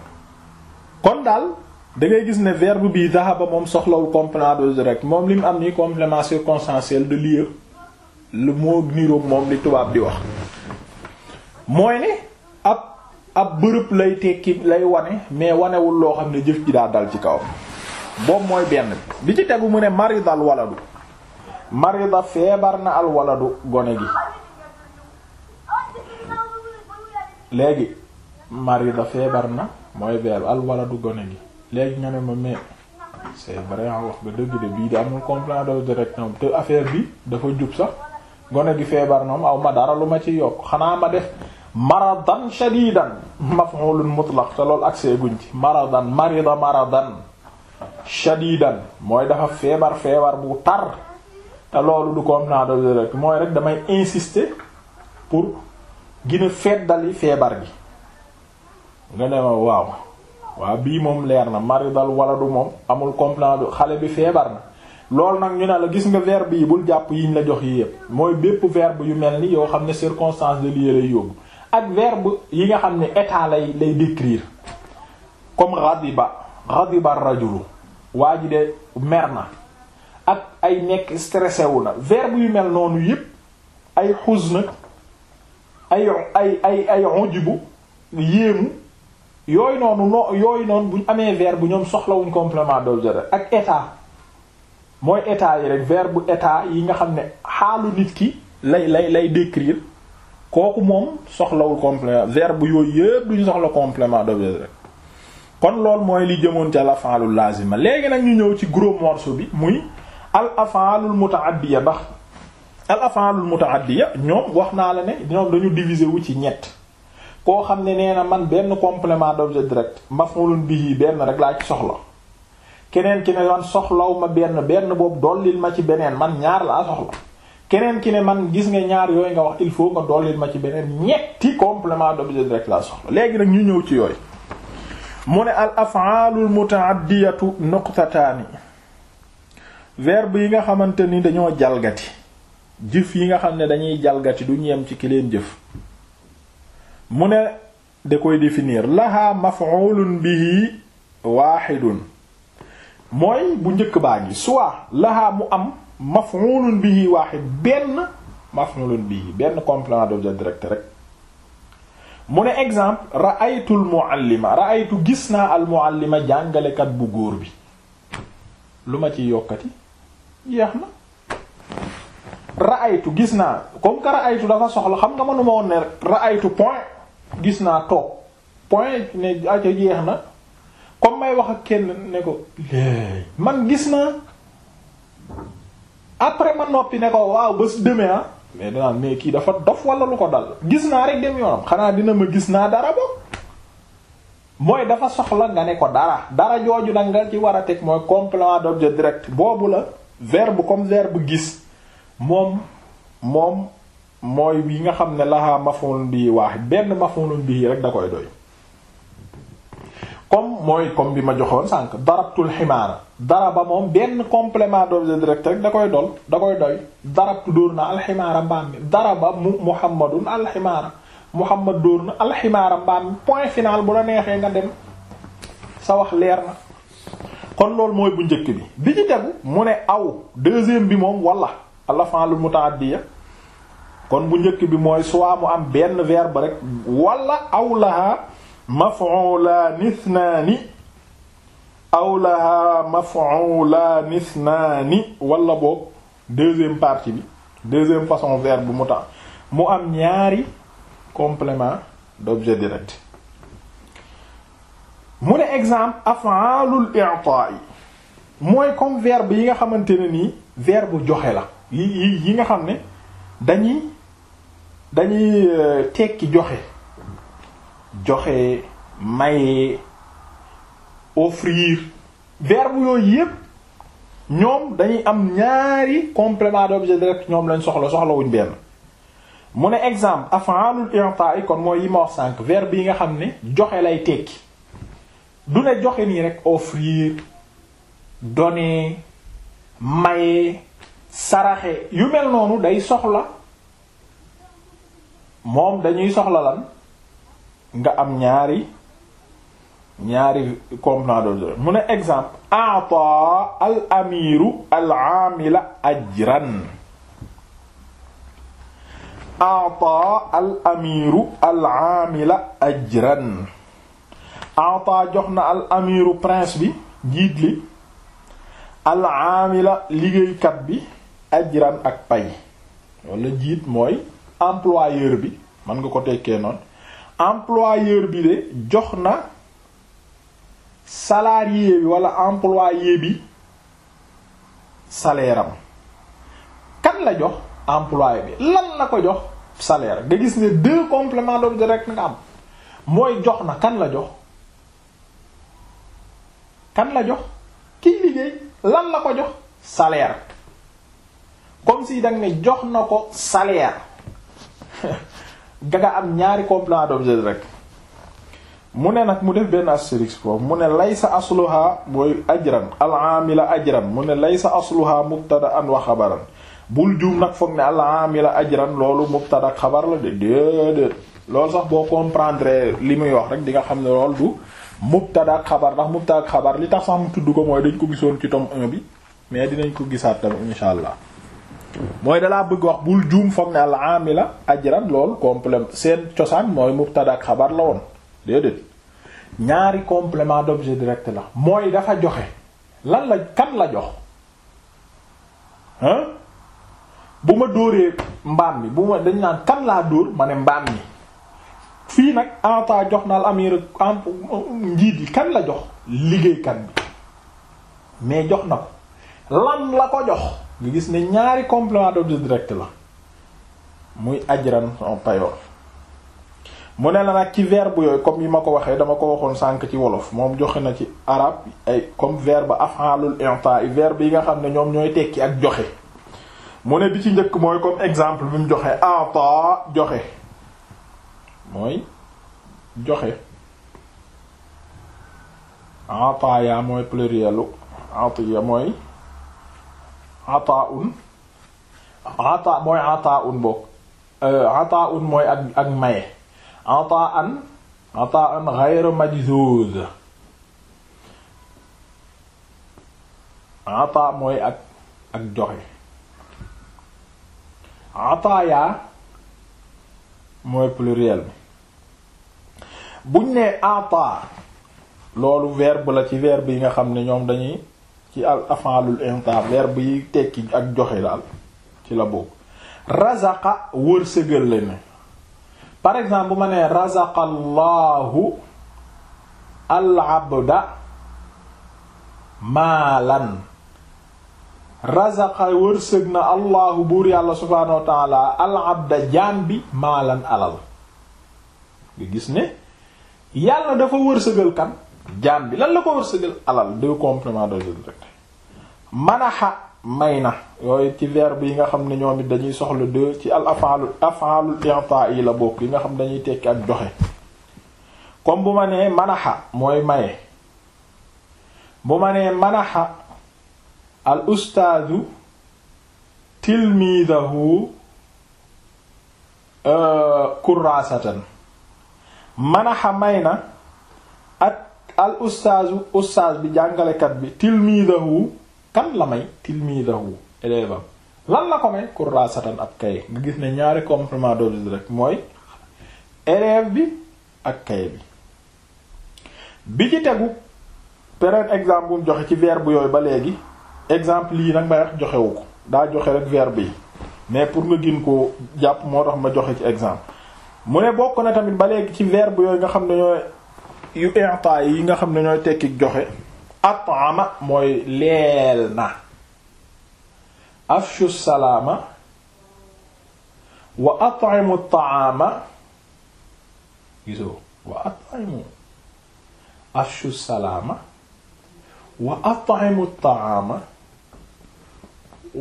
kon daal dangay gis ne verbe bii ba moom soxlawul complément rek moom li mu am nii complément circonstanciel de lieu lu moo niroog moom li tubaab di wax mooy ne ab ab bërëb lay tekki lay wane mais wanewul loo xam ne jëf ji daal dal ci kawam boobu mooy benn bi bi ci tegu mu ne marida al waladu marida feebar na al waladu gone gi léegi marida feebar na mooy verbe al waladu gone gi léegi nga ne ma mais c'est vrai wax nga dëgg de bii di amul complément direct ñoom te affaire bi dafa jub sax gone gi feebar na aw ma dara lu ma ci yokk xanaa ma def maradan shadidan maf'ulun mutlaq te loolu accès guñ ci maradan marida maradan shadidan mooy dafa feebar feebar bu tar te loolu du comprendre rek mooy rek damay insister pour gën a feddali feebar gi nga ne waaw waaw bii moom leer na maridal wala du moom amul comprendre xale bi feebar na loolu nag ñu ne la gis nga verbe yi bul jàpp yiñ la jox yi yépp mooy bépp verbe yu mel ni yoo xam ne circonstance de lieu lay yóbbu ak verbe yi nga xam ne état lay lay décrire comme ghadiba ghadiba ar-rajulu waa ji de mer na ak ay nekk stressé wu na verbe yu mel noonu yépp ay huzn ay ay ay ay ujibu yéemu yooyu noonu no yooyu noonu buñ amee verbe ñoom soxlawuñ complément d'objet ak état mooy état yi rek bu état yi nga xam ne xaalu nit ki lay lay lay décrire kooku moom soxlawul complément verbe yooyu yépp duñu soxla complément d'objet rek kon loolu mooy li jëmoon ci al afaalul ma léegi nag ñu ñëw ci gros morceau bi muy al afaalul mutaaddiya bax muta afaalul mutaaddiya ñoom wax naa la ne ñoom dañu diviser wu ci ñett koo xam ne neena man benn complément d'objet direct maf'ulun bihi benn rek laa soxla keneen ki ne yoon soxlaw ma benn benn boobu dollil ma ci beneen man ñaar laa soxla keneen ki ne man gis nga ñaar yooyu nga wax il faut nga dollil ma ci beneen ñetti complément d'objet direct laa soxla léegi nag ñu ñëw ci yooy mu ne al af'aalul muta'addiyatu nuqtataani verbe yi nga xamante ni dañoo jalgati jëf yi nga xam ne dañuy jalgati duñu yem ci ki leen jëf mu ne da koy définir laha maf'ulun bihi waaxidun mooy bu njëkk baa ngi soit laha mu am maf'ulun bihi waaxid benn bi bihi benn complément d'objet direct rek mu ne exemple ra'aytul muallima ra'aytu gis naa al muallima jàngalekat bu góor bi lu ma ci yokkati yeex na ra'aytu gis naa comme que ra'aytu dafa soxla xam nga manuma woon ne ra'aytu point gis naa toog point ne aca yeex na comme may wax ak kenn ne ko man gis naa après ma noppi ne ko waaw bés demee ah mais danaan mais kii dafa dof walla lu ko dal gis naa rek dem yoonam xanaa dina ma gis naa dara bo mooy dafa soxla nga ne ko dara dara jooju nag nga ci war a teg mooy complément d'objet direct boobu la verbe comme verbe gis moom moom mooy yi nga xam ne lahaa maf'ulun bihi waax benn maf'ulun bihi rek da koy doy comme mooy comme bi ma joxoon sànq darabtul ximaara daraba moom benn complément d'objet direct rek da koy dol da doy darabtu door na alximaara mbaam mi daraba mu muhammadun alximaara muhammad dóor na alximaara mbaam mi point final bu la neexee nga dem sa wax leer na kon loolu mooy bu njëkk bi bi ci tegu mu ne aw deuxième bi moom walla wala alafaalul mutaaddiya kon bu njëkk bi mooy soit mu am benn verbe rek wala aw lahaa la maf'ulaani ni aw la lahaa maf'ulaani ithnaani wala boog deuxième partie bi deuxième façon verbe bu mu tax mu am ñaari complément d'objet direct mu ne exemple af'aalul i'taa'i mooy comme verbe yi nga xamante ne nii verbe joxe la yi yi yi nga xam ne dañuy dañuy euh, tekki joxe joxe maye offrir verbe yooyu yépp ñoom dañuy am ñaari complément d'objet direct ñoom lañ soxla soxlawuñ benn mu ne exemple af'alul i'ta'i kon mooy yi ma wax sànq verbe yi nga xam ne joxe lay tekki du ne joxe nii rek offrir donner maye saraxe yu mel noonu day soxla moom dañuy soxla lan nga am ñaari ñaari complément d'objet mu ne exemple ata al amiru al amila ajran ata jox na al amiru prince bi njiit li al amila liggéeykat bi ajran ak pay wala jiit mooy employeur bi mën nga ko tekkee noonu employeur bi de jox na salarié bi wala employé bi salaire kan la jox employé bi lan la ko jox salaire nga gis ne deux compléments d'objet rek nga am mooy jox na kan la jox kan la jox kiy liggéey lan la ko jox salaire comme si danga ne jox na ko salaire danga am ñaari complément d'objet rek mu ne nag mu def benn astérix foofu mu ne lay sa asluha mooy ajran al-aamila ajran mu ne laysa asluha mubtada'an wa xabaran bul juum foog ne al-aamila ajran loolu mubtada xabar la de déedéet loolu sax boo comprendre li muy wax rek di nga xam ne loolu du mubtada xabar ndax mubtada xabar li tax sax mu tudd ko mooy dañ ko gisoon ci tome 1 bi mais dinañ ko gisaat tamit insha allah mooy dalaa bëgg wax bul juum foog ne al amila ajran loolu complément seen cosaan mooy mubtada ak xabar la woon déedéet ñaari complément la mooy dafa joxe lan la kan la jox bu ma dóoree mbaam mi bu ma dañ naan kan laa dóor ma ne mbaam mi fii nag ata jox na al amir am njiit yi kan la jox liggéeykat bi mais jox na ko lan la ko jox nga gis ne ñaari complément d'objet direct la muy ajran son payoor mu ne la nag ci verbe yooyu comme yi ma ko waxee dama ko waxoon sànq ci wolof moom joxe na ci arab ay comme verbe af'alul i'ta'i verbe yi nga xam ne ñoom ñooy tekki ak joxe mu ne bi ci njëkk mooy comme exemple bi mu joxe ata joxe mooy joxe ata ya mooy plurielu atiya mooy ataun ata mooy ataun bokk euh, ataun mooy ak ak maye ataan ataan ghayr majzuz ata mooy ak ak joxe ataya mooy pluriel bi buñ ne ata loolu verbe la ci verbe yi nga xam ne ñoom dañuy ci al afalul intar leer bi tekki ak joxe daal ci la bokk razaqa wërsëgal la ne par exemple bu ma nee razaqa allahu al abda maalan razaqa wërsëg na allahu buur yàlla subhaanahu wa taala al abda jaam bi maalan alal nga gis ne yàlla dafa wërsëgal kan jaam bi lan la ko wërsëgal alal deux compléments de direct manaxa may na yooyu ci verbe yi nga xam ne ñoom it dañuy soxla deux ci al af'alul af'alul i'ta yi la bokk yi nga xam dañuy tekki ak joxe comme bu ma nee manaxa mooy maye bu ma nee manaxa al ustaadu tilmidahu euh, kurasatan manaxa may na al ustaazu ustaaz bi jàngalekat bi tilmiidahu kan la may tilmiidahu élève lan la ko may kurraasatan ab kaye nga gis ne ñaari complément d'objet rek mooy élève bi ak kaye bi bi ci tegu peren exemple bu joxe ci verbe yooyu ba léegi exemple yii nag may wax joxewu ko daa joxe rek verbe yi mais pour nga gin ko jàpp moo tax ma joxe ci exemple mu ne bokk na tamit ba léegi ci verbe yooyu nga xam ne ñooy yu inta yi nga xam ne ñooy tekki joxe at'ama mooy leel na afshu salaama wa at'imu ta'ama gisoo wa at'imu afshu salaama wa at'imu ta'ama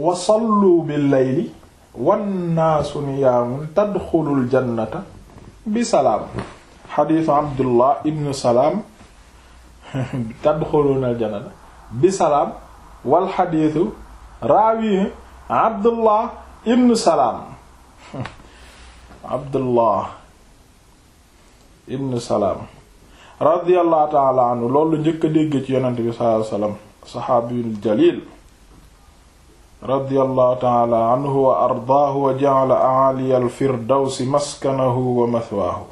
wa sallu bil layli wan naasu niyaamun tadxulul jannata bi salaam xadiisu abdullah ibnu salaam tadxuluuna aljanna bi salaam wal xadiisu raawi abdullah ibnu salaam abdullah ibnu salaam radiallahu taala anhu loolu njëkk a dégg ci yonent bi sallallahu alayhi wasallam saxaabiyul jalil radiallahu taala anhu wa ardaahu wa ja'ala a'aliyal firdawsi maskanahu wa mathwaahu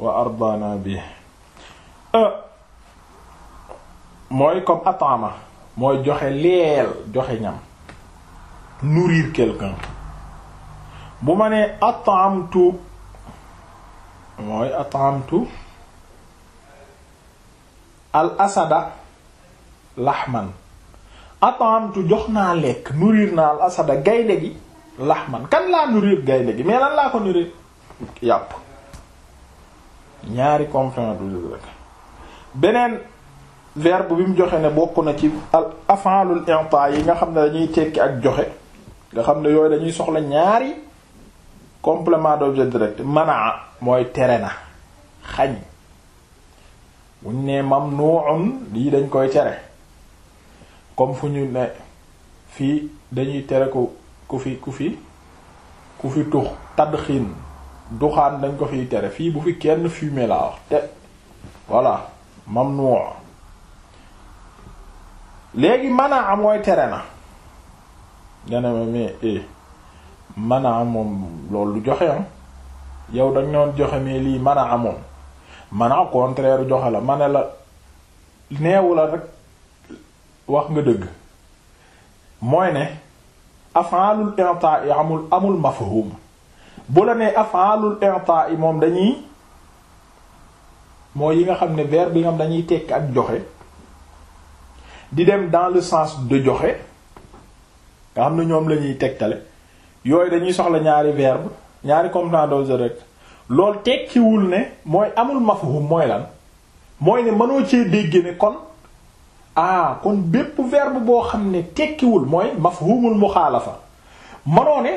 wa ardaana bi euh, mooy comme atama mooy joxe leel joxe ñam nourrir quelqu'un bu ma nee atamtu mooy atamtu al asada laxman atamtu jox naa lekk nourrir naa al asada gaynde gi laxman kan laa nourrir gaynde gi mais lan laa ko nourrir yàpp ñaari complément du rek beneen verbe bi mu joxe ne bokk na ci al af'alul i'ta yi nga xam ne dañuy tekki ak joxe nga xam ne yooyu dañuy soxla ñaari complément d'objet direct manaa mooy tere na xañ buñ ne mamnu'un lii dañ koy tere comme fu ñu ne fii dañuy tere ku ku fi ku fi ku fi tux tadxin duxaan dañ ko fiy tere fii bu fi kenn fumer laa wax te voilà mamnu léegi manaa mooy tere na nga eh, manaa moom loolu joxe am ah. yow dañ noon joxe mais lii man manaa moom manaa contraire joxe la ma ne la neewu la rek wax nga dëgg mooy ne af'alul i'ta amul amul mafhum bu la nee afaalul i'taa yi moom dañuy mooy yi nga xam ne verbe yi nga xam dañuy tekki ak joxe di dem dans le sens de joxe nga xam ne ñoom lañuy tegtale yooyu dañuy soxla ñaari verbe ñaari complément d'objet rek loolu tekkiwul ne mooy amul mafhum mooy lan mooy ne mënoo cee dégg ne kon ah kon bépp verbe boo xam ne tekkiwul mooy mafhumul muxaalafa mënoo ne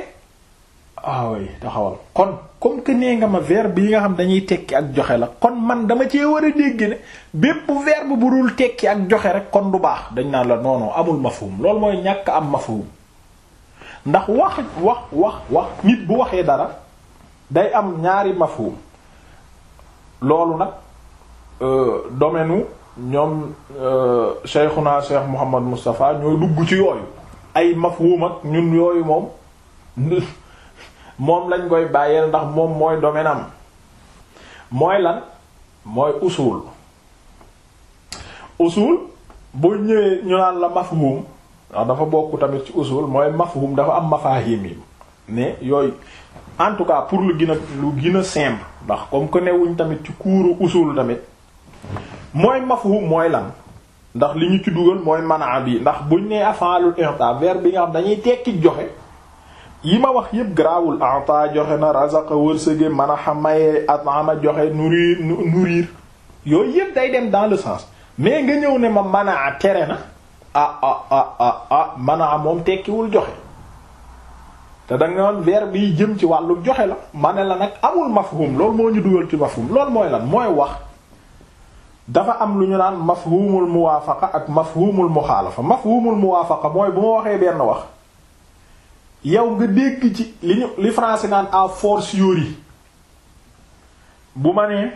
waaway ah taxawal kon comme que nee nga ma verbe bi nga xam dañuy tekki ak joxe la kon man dama cee war a dégg ne bépp verbe bu dul tekki ak joxe rek kon du baax dañ naa la noonu non amul mafhum loolu mooy ñàkk am mafhum ndax wax wax wax wax nit bu waxee dara day am ñaari mafhum loolu nag euh, domaine u ñoom euh, Cheikhuna Cheikh Mouhamad Moustapha ñooy dugg ci yooyu ay mafhum ak ñun yooyu moom moom lañ koy bàyyeel ndax moom mooy domaine mooy lan mooy usul usul bu ñëwee ñu naan la mafhum ndax dafa bokk tamit ci usul mooy mafhum dafa am mafahim yi mais yooyu en tout cas pour lu gën a lu gën a simple ndax comme que tamit ci kuuru usul tamit mooy mafhum mooy lan ndax li ñu ci dugal mooy manaa bi ndax buñ nee afaalul inta verbe bi nga xam dañuy tekki joxe yi ma wax yëpp garaawul ata joxe na razaqa wërsëge man a xam xamaye atama joxe nourrir nourrir yooyu yëpp day dem dans le sens mais nga ñëw ne ma man a tere na ah ah ah ah ah moom tekkiwul joxe te da nga noon verbe yi jëm ci wàllu joxe la ma ne la nag amul mafhum loolu moo ñu dugal ci mafhum loolu mooy lan mooy wax dafa am lu ñu naan mafhumul muwaafaqa ak mafhumul muxaalafa mafhumul muwaafaqa mooy bu ma waxee benn wax yow nga dégg ci li ñu li français naan à force yori bu ma nee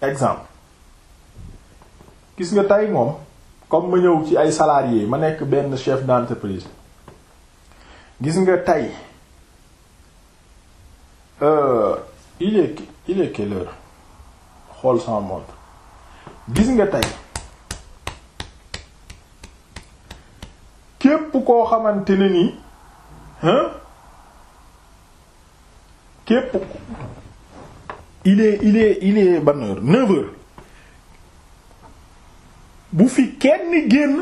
exemple gis nga tey moom comme ma ñëw ci ay salariés ma nekk benn chef d'entreprise gis nga tey euh, il est il est quelle xool sama montre gis nga tey képp koo xamante ne nii képp il est il est il bu fi kenn génn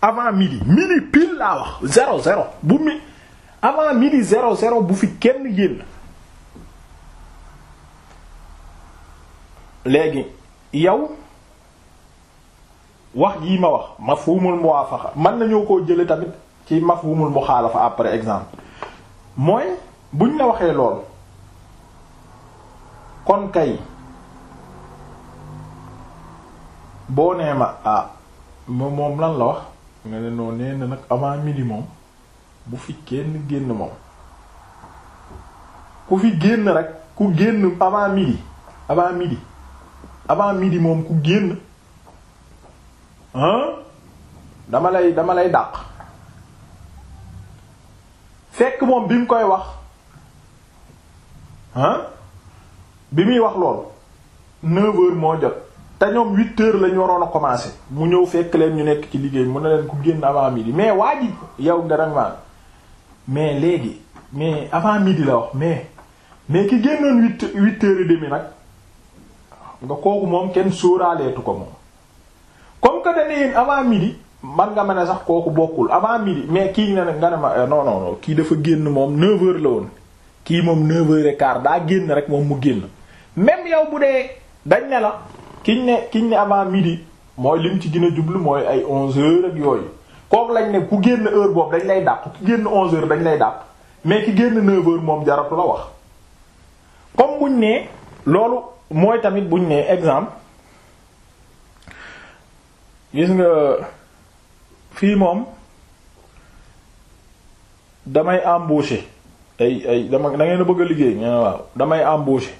avant midi midi pile laa wax zéro zéro bu mi avant midi zéro zéro bu fi kenn génn léegi yow wax jii ma wax ma fuumul muwaafaxa mën nañoo koo jële tamit ci mafhumul muxaalafa après exemple mooy buñ la waxee lool kon kay boo nee ma ah moom moom lan la wax nga ne noo nee nag avant midi moom bu fi kenn génn moom ku fi génn rek ku génn avant midi avant midi avant midi moom ku génn hein dama lay dama lay dàq fekk moom bi mu koy wax ah bi muy wax lool neuf moo jot te ñoom huit heures lañu waroon a commencé mu ñëw fekk leen ñu nekk ci liggéey mun ne leen ku génn avant midi mais waa ji yow garagman mais léegi mais avant midi la wax mais mais ki génnoon huit huit heures et demie nag nga kooku moom kenn sóoraaleetu ko moom comme que dañu ne yéen midi man nga mën a sax kooku bokkul avant midi mais kii na nga ne ma eh, non non non kii dafa génn moom 9h la woon kii moom 9h15 daa génn rek moom mu génn même yow bu dee dañ ne la kiñ ne kiñ ne avant midi mooy lim ci ginna a jublu mooy ay 11h ak yooyu kooku lañ ne ku génn heure boobu dañ lay dàq ku génn 11h dañ lay dàq mais ki génn 9h moom jaratu la wax comme buñ ne loolu mooy tamit buñ ne exemple gis nga. fii moom damay embaucher ay ay dama da ngeen a bëgg a liggéey nga ne waaw damay embaucher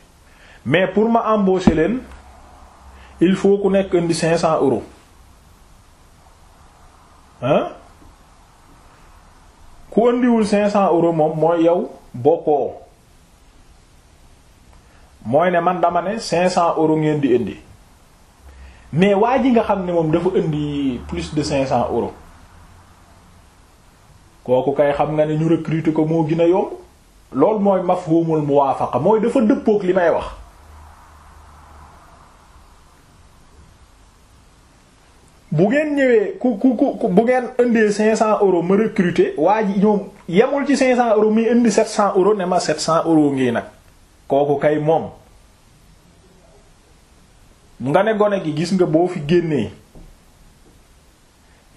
mais pour ma embaucher leen il faut ku nekk indi cinq cent euros hein ku indiwul cinq cent euro moom mooy yow bokkoo mooy ne man dama ne cinq cent euros ngeen di indi mais waa ji nga xam ne moom dafa indi plus de cinq cent euros kooku kay xam nga ne ñu recruter ko moo gën a yomb loolu mooy mafhumul muwaafaqa mooy dafa dëppook li may wax bu ngeen ñëwee ku ku ku bu ngeen indee cinq cent euro ma recruter waa ji ñoom yemul ci cinq cent euros muy indi sept cent euros ne ma cent euros ngi nag kooku kay moom nga ne gone gi gis nga boo fi génnee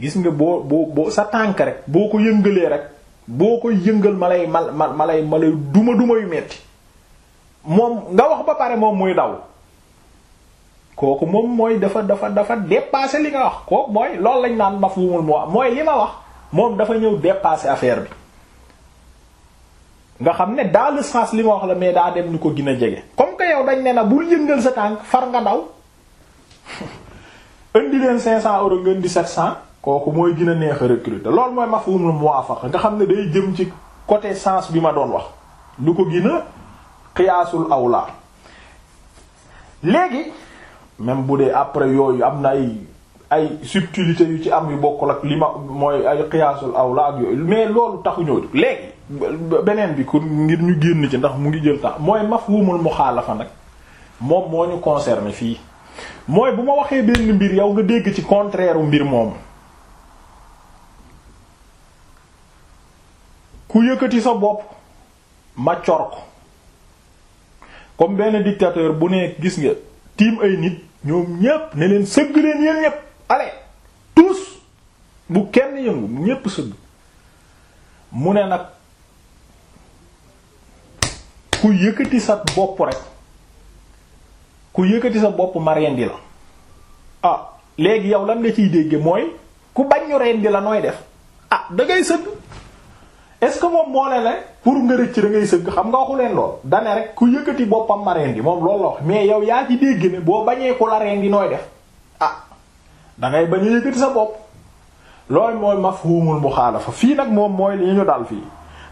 gis nga boo boo boo sa tànk rek boo ko yëngalee rek boo koy yëngal ma lay ma ma lay ma lay duma duma yu metti moom nga wax ba pare moom muy daw kooku moom mooy dafa dafa dafa dépassé li nga wax kooku mooy loolu lañ naan mafhumul moo mooy li ma wax moom dafa ñëw dépassé affaire bi nga xam ne dans le li ma wax la mais daa dem ñu ko gin a jege comme que yow dañ ne na bul yëngal sa tànk far nga daw indi leen 500 euros ngeen di 700 kooku mooy gën a neex a recruter loolu mooy mafhumul muwaafaqa nga xam ne day jëm ci côté sens bi ma doon wax lu ko gën a aw la léegi même bu dee après yooyu am na ay ay subtilité yu ci am yu bokkul ak li ma mooy ay xiyaasul awla ak yooyu mais loolu taxuñoo léegi beneen bi kon ngir ñu génn ci ndax mu ngi jël tax mooy mafhumul fa nag moom moo ñu concerné fii mooy bu ma waxee benn mbir yow nga dégg ci contraire mbir moomu ku yëkkati sa bopp ma cor ko comme benn dictateur bu ne gis nga tiim ay nit ñoom ñépp ne leen sëgg leen yéen ñépp allez tous bu kenn yëngu ñépp sëgg mu ne nag ku yëkkati sa bopp rek ku yëkkati sa bopp ma rendi la ah léegi yow lan nga ciy dégge mooy ku bañ ñu rendi la nooy def ah da ngay sëgg est-ce que moom moo leen pour nga rëcc da ngay sëgg xam nga waxu leen lool dane rek ku yëkkati boppam ma reen gi moom loolu la wax mais yow yaa ci dégg ne boo bañee ku la reen nooy def ah da ngay yëkkati sa bopp loolu mooy mafhumul muxaalafa fii nag moom mooy li ñu dal fii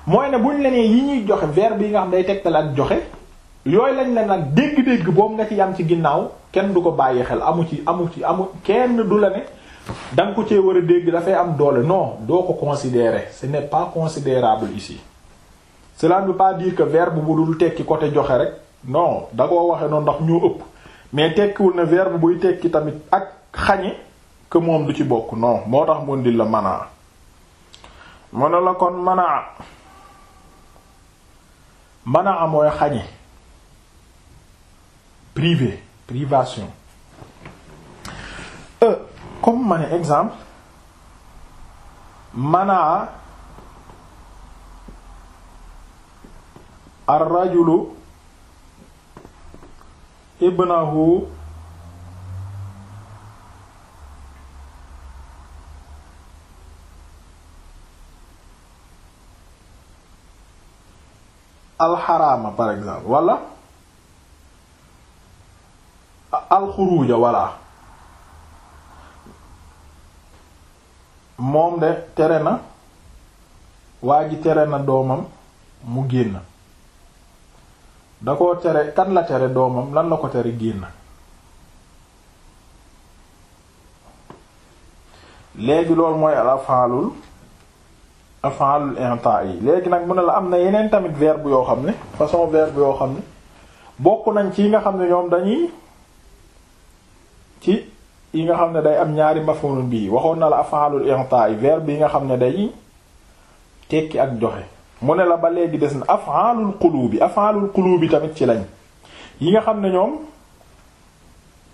mooy ne buñ la yi ñuy joxe verbe bi nga xam day tegtal ak joxe yooyu lañ la nag dégg-dégg boobu nga ci yam ci ginnaaw kenn du ko bàyyi xel amu ci amu ci amu kenn du la ne da nga ko cee war a dégg dafay am doole noo doo ko considérer ce n'est pas considérable ici cela ne pas dire que verbe bu dul tekki côté joxe rek non da waxe noonu ndax ñoo ëpp mais tekkiwul na verbe buy tekki tamit ak xañe que moom du ci bokk noo moo tax mu ndil la manaa mu ne la kon manaa manaa mooy xañe privé privation comme ma ne exemple manaa ar-rajulu ibnahu alxaraama par exemple wala alxuruuja wala moom de tere na waa ji tere na doomam mu génn da koo tere kan la tere doomam lan la ko tere génn léegi loolu mooy al afaalul afaalul yi léegi nag mu ne la am na yeneen tamit verbe yoo xam ne façon verbe yoo xam ne bokk nañ ci yi nga xam ne ñoom dañuy ci yi nga xam ne day am ñaari maf'ul bi waxoon na la af'alul i'ta'i verbe yi nga xam ne day tekki ak joxe mu ne la ba léegi des na af'alul qulubi af'alul qulubi tamit ci lañ yi nga xam ne ñoom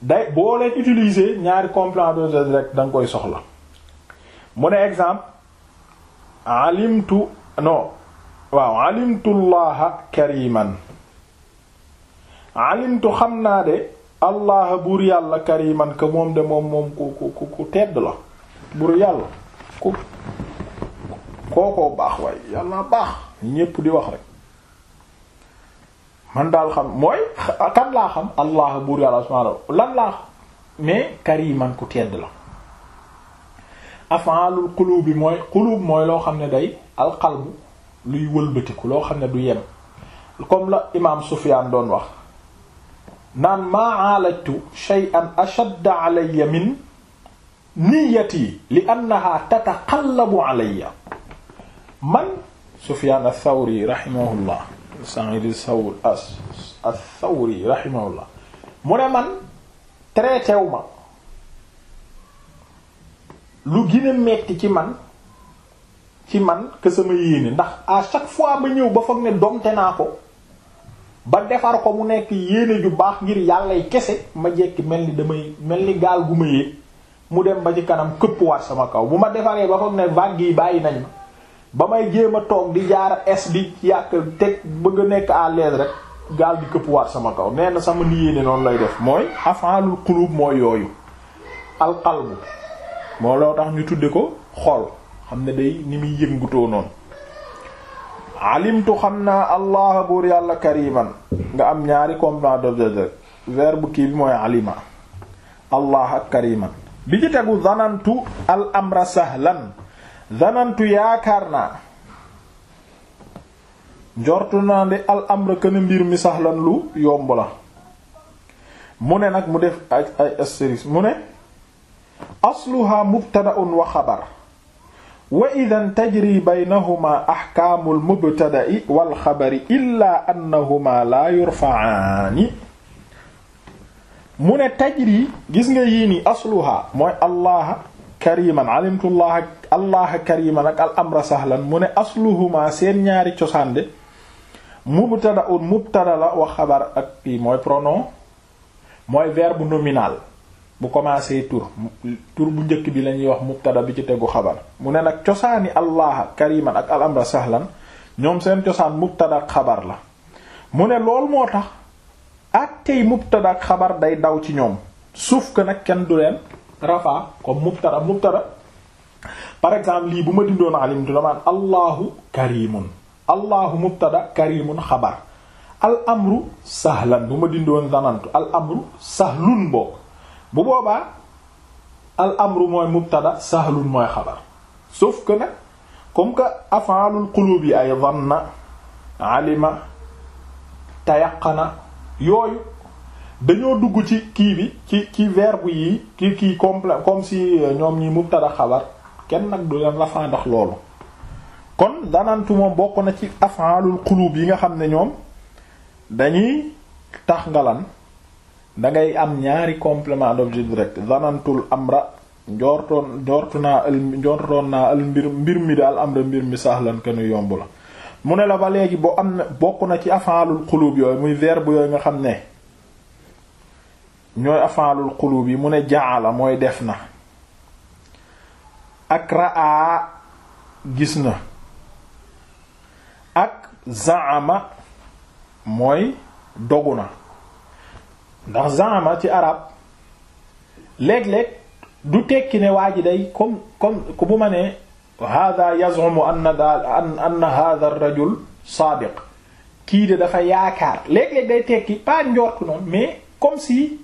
day boo leen utiliser ñaari complément d'objet rek danga koy soxla mu ne exemple alimtu non waaw alimtu kariman alimtu xam naa de allah buur yàlla kariman ka moom de moom moom ku ku ku tedd la buur yàlla ku kookoo baax waaye yàlla baax ñépp di wax rek man daal xam mooy kan laa xam allah buur yàlla subhanahu lan laa mais kariman ku tedd la afaalul xuluub bi mooy xuluub mooy loo xam ne day alxalbu luy wëlbatiku loo xam ne du yem comme la imaam Sufyaan doon wax naan maa aalajtu shay'an ashadd alayya min niyyati li annaha tataqallabu alayya man Sufyaan ath-Thawri rahimahullah mu ne man traité ma lu gën metti ci man ci man que sama yéene ndax à chaque fois ma ñëw ba foog ne domte naa ko ba defar ko mu nekk yéene ju baax ngir yàllay kese ma jekki mel ni damay mel ni gaal gu ma yéeg mu dem ba ci kanam këpp këppwaat sama kaw bu ma defaree ba foog ne vagues gi bàyyi nañ ba may jéem a toog di jaar es bi yàq teg bëgg a nekk à l'aise rek gaal di këppwaat sama kaw nee na sama ni noonu lay def mooy afaalul xuluub mooy yooyu alqalbu moo loo tax ñu tudde ko xool xam ne day ni muy yëngutoo noonu alimtu xam naa allah buur yàlla kariman nga am ñaari complément d'objet verbe kii bi mooy alima allah ak kariman bi ci tegu zanantu al amra sahlan zanantu yaakaar naa jortu naa di al amra kën mbir mi sahlan lu yomb la mu ne nag mu def ay ay astérisque mu ne asluha mubtada'un wa xabar wa idan tajri baynahuma axkaamul mubtada'i wal xabari illaa annahuma laa yurfa'aani mu ne tajri gis nga yii nii asluha mooy allah kariman alimtu allah allah kariman ak al amra sahlan mu ne asluhuma seen ñaari cosaan de mubtada'un mubtada la wa xabar ak kii mooy pronom mooy verbe nominal bu commencé tur tur bu njëkk bi lañuy wax mubtada bi ci tegu xabar mu ne nag cosaani allah kariman ak al amra sahlan ñoom seen cosaan mubtada ak xabar la mu ne lool moo tax ak tey mubtada ak xabar day daw ci ñoom suuf que nag kenn du leen rafaa comme mubtada mubtada par exemple lii bu ma dindoon alim du damaan allahu karimun allahu mubtada karimun xabar al amru sahlan bu ma dindoon zanantu al amru sahlun bokk bu boobaa al amru mooy mubtada sahlun mooy xabar sauf que nag comme que afaalul quluub yi ay zanna alima tayaqana yooyu dañoo dugg ci kii bi ci ci verbe yi ki kii complet comme si euh, ñoom ñi mubtada xabar kenn nag du leen rafaa ndax loolu kon danantu moom bokk na ci afaalul quluub yi nga xam ne ñoom dañuy tax ngalan dangay am ñaari complement d'objet direct zanantul amra njortoon njortu naa naa al mbir mbir mi daal amra mbir mi sahlan kenu yomb la mu ne la ba léegi boo am na bokk na ci afaalul xuluub yooyu muy verbe yooyu nga xam ne ñooy afaalul xuluub yi mu ne jaala mooy def na ak raa gis na ak zaama mooy dogu na ndax zaama ci arab léeg-léeg du tekki ne waa ji day comme comme ku bu ma nee hada yazumu anna anna hada ar-rajul saadiq kii de dafa yaakaar léeg-léeg day tekki pas njort noonu mais comme si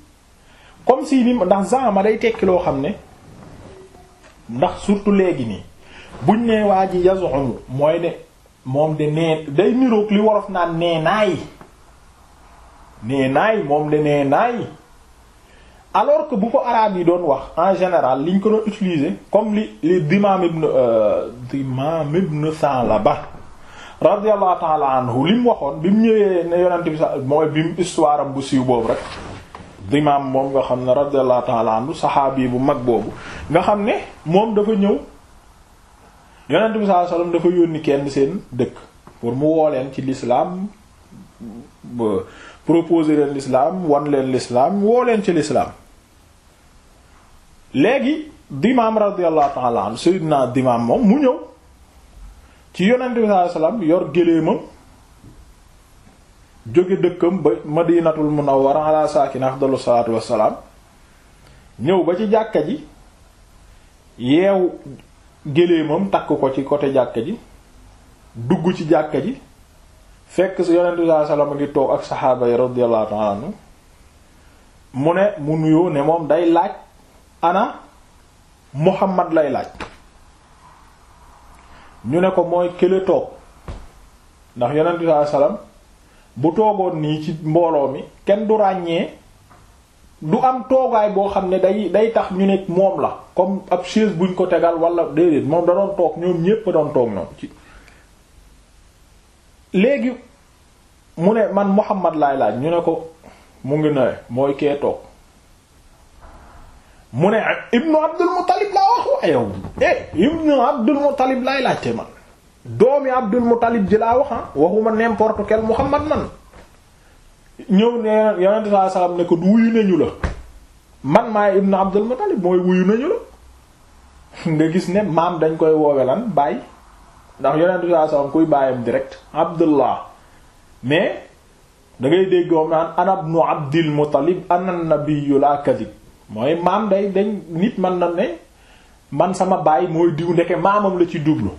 comme si ni ndax zaama day tekki loo xam ne ndax surtout léegi nii buñ nee waa ji yazumu mooy ne moom de nee day niroog li wolof naan nee naay nee naay moom de nee naay alors que bu ko araab yi doon wax en général liñ ko doon utiliser comme li li dimaam ibn euh, dimaam ibn Salaba radiyallahu ta'ala anhu li mu waxoon bi mu ñëwee ne yonent bi sa mooy bi mu bu siiw boobu rek dimaam moom nga xam ne radiyallahu bu mag boobu nga xam ne moom dafa ñëw yonent bi sallallahu alayhi wasallam yónni kenn seen dëkk pour mu woo ci lislaam proposer leen l'islam wan leen lislaam woo leen ci l'islam léegi dimaam radiyallahu ta'ala an sayyidina dimaam moom mu ñëw ci yonent bi sallallahu alayhi yor géléemam jóge dëkkam ba madinatul munawwara ala saakina afdalu salaatu wassalaam ñëw ba ci jàkka ji yeew géléemam takk ko ci côté jàkka ji dugg ci jàkka ji fekk si yonent bi sallallahu alayhi wasallam ngi toog ak saxaaba yi radiyallahu ta'ala mu ne mu nuyoo ne moom day laaj ana Muhammad lay laaj ñu ne ko mooy kële toog ndax yonent bi sallallahu alayhi bu toogoon nii ci mbooloo mi kenn du ràññee du am toogaay boo xam ne day day tax ñu ne moom la comme ab chaise buñ ko tegal wala déedéet moom da doon toog ñoom ñépp doon toog noonu ci léegi mu ne man Muhammad laay laaj ñu ne ko mu ngi nawe mooy kee toog mu ne ibnu Abdul Muttalib laa wax waa yow eh ibnu Abdul Muttalib laay laajte man doomi Abdul Muttalib ji laa wax ah, waxuma n'importe Muhammad man ñëw ne yonente saa salaam ne ko wuyu nañu la man maay ibnu Abdul Muttalib mooy wuyu nañu la nga gis ne maam dañ koy woowe lan bàyyi ndax yonent bi saa kuy baayam direct abdullah mais da ngay déggoo naan ana ibnu abdil muttalib ana nabiyyu mooy maam day dañ nit man na ne man sama baay mooy diw ndeke maamam la ci dublu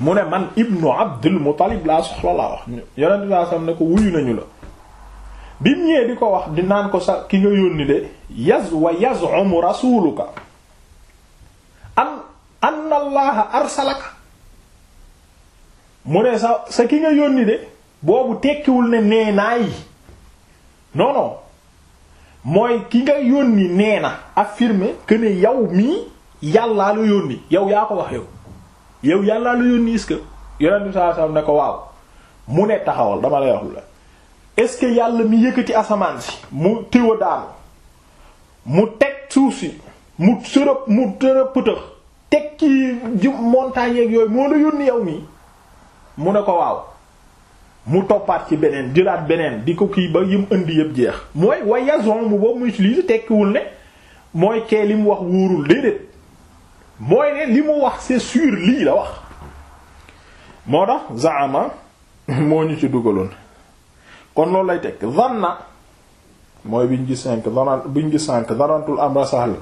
mu ne man ibnu abdil muttalib laa soxla laa wax yonent bi saa ne ko wuyu nañu la bi mu ñëwee di ko wax di naan ko sa ki nga yónni de yaz wa yazumu rasuluka an anna arsalaka mu ne sa sa ki nga yónni de boobu tekkiwul ne nee naa yi non non mooy ki nga yónni nee na affirmer que ne yow mii yàllaa la yónni yow yaa ko wax yow yow yàllaa la yónni est-ce ne ko waaw mu ne taxawal dama lay wax la est-ce que yàlla mi yëkkati asamaan si mu téwa daanu mu teg suuf si mu sërëb mu tërëb pëtëx teg ci montagne yeeg yooyu moo la yónni yow mii mu ne ko waaw mu toppaat ci beneen jëlaat beneen di ko kii ba yim indi yëpp jeex mooy way yazon mu ci mu utilise tekkiwul ne mooy kee li mu wax wóorul déedéet mooy ne li mu wax c'est sûr lii la wax moo tax zaama moo ci dugaloon kon loolu lay teg zanna mooy biñ gi cinq dana biñ gi cinq darantul amra sahlan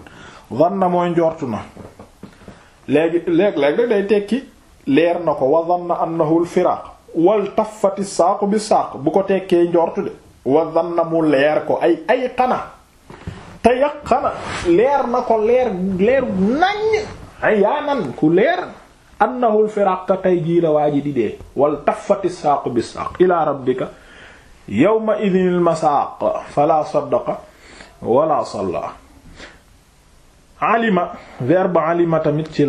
zanna mooy njortu na léegi léeg-léeg day tekki leer na ko wa dhanna annahu al-firaaq wal taffati saaqu bi saaq bu ko tekkee njortu de wa dhanna mu leer ko ay ay xana te yaqana leer na ko leer leer naññ ayaanan ku leer annahu al-firaaq te tey jii la waa ji di dee wal taffati saaqu bi saaq ila rabbika yawma idhin al-masaaq fala saddaqa wala salla alima verbe alima tamit ci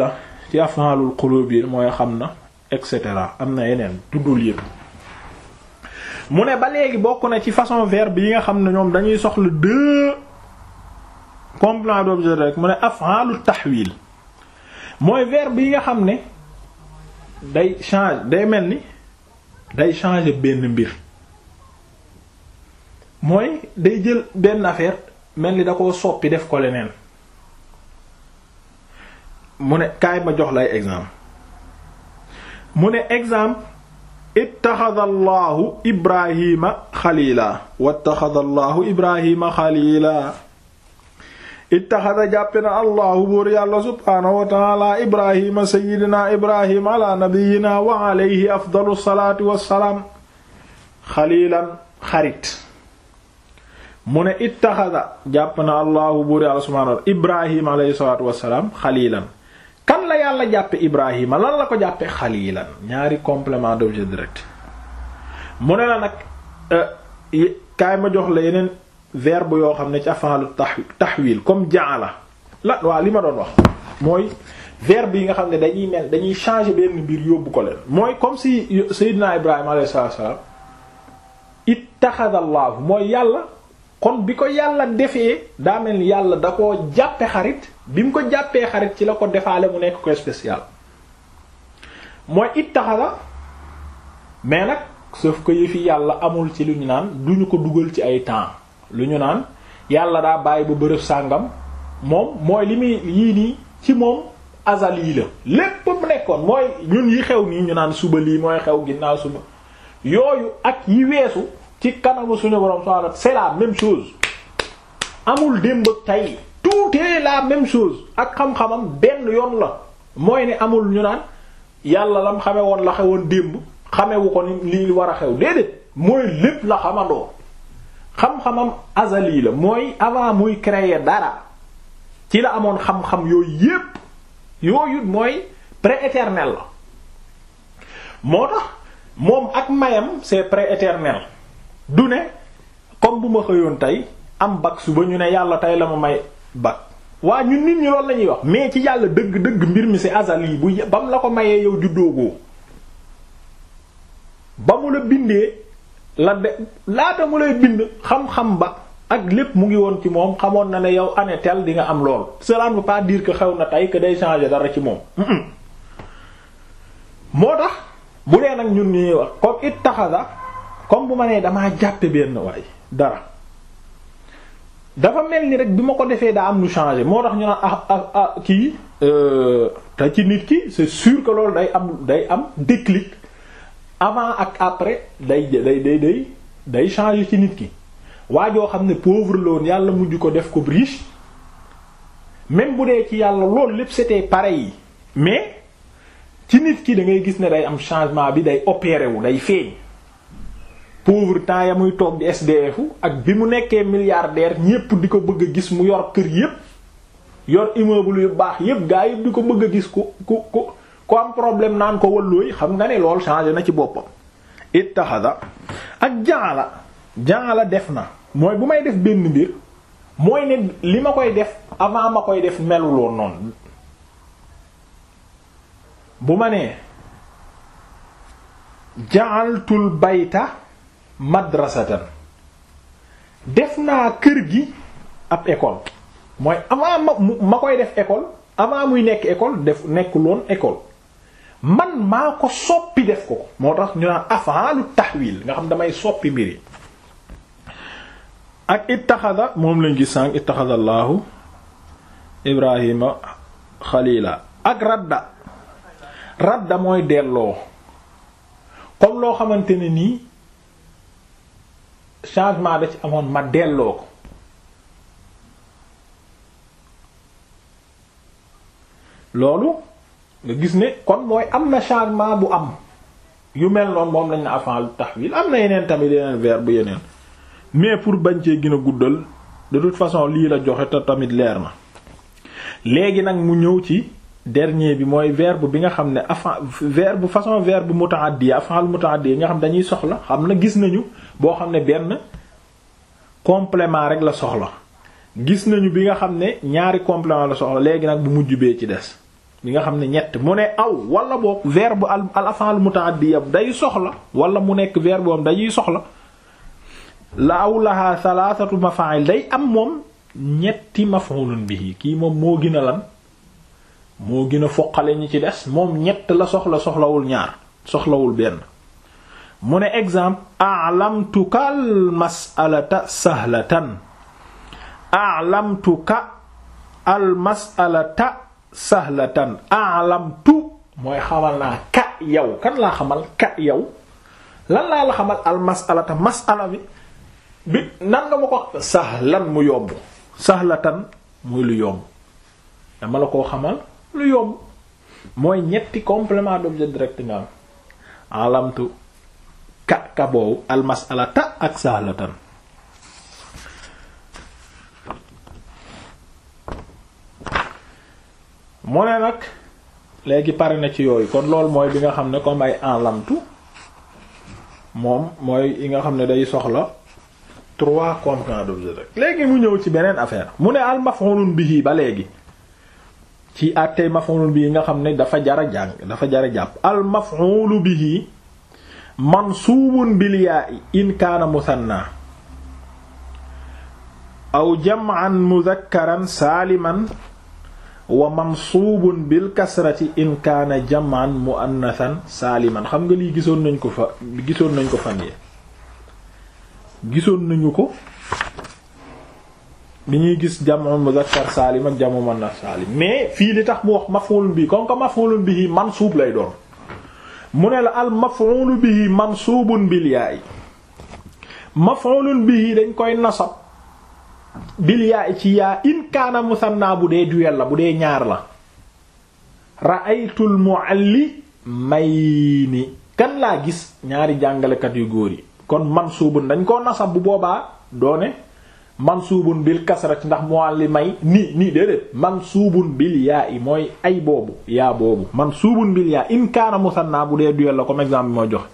ci af'alul qulub yi mooy xam na et cetera am na yeneen tuddul yëpp mu ne ba léegi bokk na ci façon verbe yi nga xam ne ñoom dañuy soxla deux compléments d'objet rek mu ne af'alu tahwil mooy verbe yi nga xam ne day change day mel ni day changer benn mbir mooy day jël benn affaire mel ni da ko soppi def ko leneen mu ne kaay ma jox lay exemple mu ne exemple ittaxada allahu ibrahima xalila wattaxada allahu ibrahima xalila ittaxada jàppe na allahu buur yàlla subhaanahu wa taala ibrahima sayidina ibrahima ala nabiyina wa alayhi afdalu salaatu wassalaam xalilan xarit mu ne ittaxada jàpp na allahu buur yàlla subhaanahu wa taala ibrahima alayhi salaatu wassalaam xalilan la yàlla jàppe Ibrahima lan la ko jàppe xalilan ñaari complément d'objet direct mu ne la nag euh, kaay ma jox la yeneen verb yoo xam ne ci tax taxwil comme ja'ala la waa li ma doon wax mooy verbe yi nga xam ne dañuy mel dañuy changer benn mbir yóbbu ko leen mooy comme si Seydina Ibrahima alayhi salaam ittaxada Allahu mooy yàlla kon bi ko yàlla defee daa mel ni yàlla da koo jàppe xarit bi mu ko jàppee xarit ci la ko defaale mu nekk ko spécial mooy ittaxala mais nag sauf que yëfi yàlla amul ci lu ñu naan du ñu ko dugal ci ay temps lu ñu naan yàlla daa bàyyi bu bërëb sàngam moom mooy li muy yii nii ci moom azal yii la lépp mu nekkoon mooy ñun yi xew nii ñu naan suba lii mooy xew ginnaaw suba yooyu ak yi weesu ci kanamu suñu borom subhanahu wa ta'ala c'est la même chose amul démb tey tout est la même chose ak xam-xamam benn yoon la mooy ne amul ñu naan yàlla lam xame woon la xewoon démb xamewu ko lii war a xew déedéet mooy lépp la xamandoo xam-xamam azali la mooy avant muy créer dara ci la amoon xam-xam yooyu yépp yooyu mooy pré-éternel la moo tax moom ak mayam c'est pré-éternel du ne comme bu ma xëyoon tey am bag su ñu ne yàlla tey la ma may ba waa ñun nit ñi loolu la ñuy wax mais ci yàlla dëgg dëgg mbir mi si azal yi bu bam la ko mayee yow juddoogoo ba mu la bindee la de laata mu lay bind xam-xam ba ak lépp mu ngi woon ci moom xamoon na ne yow année telle di nga am lool cela ne veut pas dire que xew na tey que day changer dara ci moom moo tax bu dee nag ñun ñuy wax comme it taxasa comme bu ma nee damaa jàppe benn waay dara dafa mel ni rek bi ma ko defee daa am lu changé moo tax ñu naan ah ah ah kii euh, te ci nit ki c'est sûr que loolu day am day am déclic avant ak après day day day day day changé ci nit ki waa joo xam ne pauvre la yàlla mujj ko def ko riche même bu dee ci yàlla loolu lépp c'était pareil mais ci nit ki da ngay gis ne day am changement bi day opéré wu day feeñ pauvre temps ya muy toog di SDF ak bi mu nekkee milliardaire ñépp di ko bëgg a gis mu yor kër yépp yor immeuble yu baax yépp gaa yépp di ko bëgg a gis ku ku ku am problème naan ko wallooy xam nga ne lool changé na ci boppam ittaxada ak jaala jaala def na mooy bu may def benn mbir mooy ne li ma koy def avant ma koy def meluloon noonu bu ma nee jaaltul bayta madrasatan def naa kër gi ab école mooy avant ma ma koy def école avant muy nekk école def nekkul woon man maa ko soppi def ko moo tax ñu naan afaalu tahwil nga xam damay soppi mbir yi ak ittaxada moom lañ gis sànq ittaxada allahu ibrahima xalila ak radda radda mooy delloo comme loo xamante nii changement da ci amoon ma delloo ko loolu nga gis ni kon mooy am na changement bu am yu mel noonu moom lañ na tax tahwil am na yeneen tamit yeneen verbe bu yeneen mais pour bañ cee gën a guddal de toute façon lii la joxe te tamit leer na léegi nag mu ñëw ci dernier bi mooy verbe bi nga xam ne afa verbe façon verbe mutaaddi afal mutaaddi nga xam dañuy soxla xam na gis nañu boo xam ne benn complément rek la soxla gis nañu bi nga xam ne ñaari complément la soxla léegi nag bu mujj bee ci des bi nga xam ne ñett mu ne aw wala boog verbe al al afal mutaaddi day soxla wala mu nekk verbe am dañuy soxla la aw laha salasatu mafail day am moom ñetti maf'ulun bihi kii moom moo gën a lan moo gën a foqale ñi ci des moom ñett la soxla soxlawul ñaar soxlawul benn mu ne exemple a'lamtuka al mas'alata sahlatan a'lamtuka al mas'alata sahlatan a'lamtu mooy xamal naa ka yow kan laa xamal ka yow lan laa la xamal al mas'alata mas'ala bi nan nga ma ko sahlan mu yomb sahlatan muy lu yomb dama la koo xamal lu yomb mooy ñetti complement d'objet direct nga am alamtu ka ka boobu almasalata ak sahlatan mu ne nag léegi pare na ci yooyu kon loolu mooy bi nga xam ne comme ay enlamtu moom mooy yi nga xam ne day soxla trois compléments d'objet rek léegi mu ñëw ci beneen affaire mu ne al maf'ulun bihi ba léegi ci àttey maf'ul bihi nga xam ne dafa jara jàng dafa jara jàpp al maf'ul bihi mansuubun bil yaa'i in kaana musanna aw jam'an mudhakkaran saaliman wa mansuubun bil kasrati in kaana jam'an muannathan saaliman xam nga lii gisoon nañ ko fa gisoon nañ ko fan yee gisoon nañu ko bi ñuy gis jamu muzakkar saalim ak jamu muannas saalim mais fii li tax mu wax maf'ulun bi comme que maf'ulun bihi mansuub lay doon mu ne la al maf'ulu bihi mansuubun bil yaa'i maf'ulun dañ koy nasab bil yaa'i ci yaa in kaana musanna bu dee duel la bu dee ñaar la ra'aytul may mayni kan laa gis ñaari jàngalekat yu góor yi kon mansuubun dañ koo nasab bu boobaa doone mansuubun bil kasrat ndax muallimay nii nii déedéet mansuubun bil yaa i mooy ay boobu yaa boobu mansuubun bil yaa in kaana musanna bu dee duel la comme exemple bi mooy joxe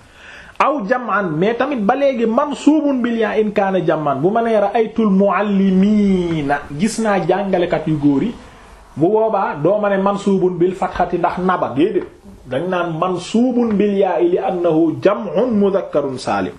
aw jam'an mais tamit ba léegi mansuubun bil yaa in kaana jam'an bu ma nee ra'aytul muallimiina gis naa jàngalekat yu góor yi bu boobaa doo ma ne mansuubun bil fatxati ndax naba déedéet dañ naan mansuubun bil yaa i li annahu jam'un mudhakkarun saalim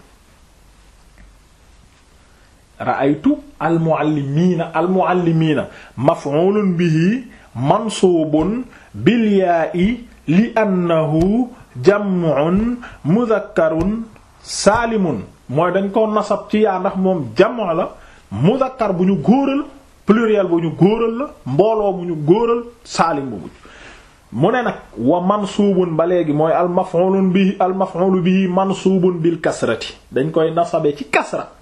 ra'aytu almuallimiina almuallimiina maf'ulun bihi mansuubun bil yaa'i li annahu jam'un mudhakkarun saalimun mooy dañ ko nasab ci yaa ndax moom jam'a la mudhakkar bu ñu góoral pluriel bu ñu góoral mbooloo bu ñu góoral saalim bu mu ne nag wa mansuubun ba léegi mooy al maf'ulun bihi al maf'ulu bil kasrati dañ koy nasabe ci kasra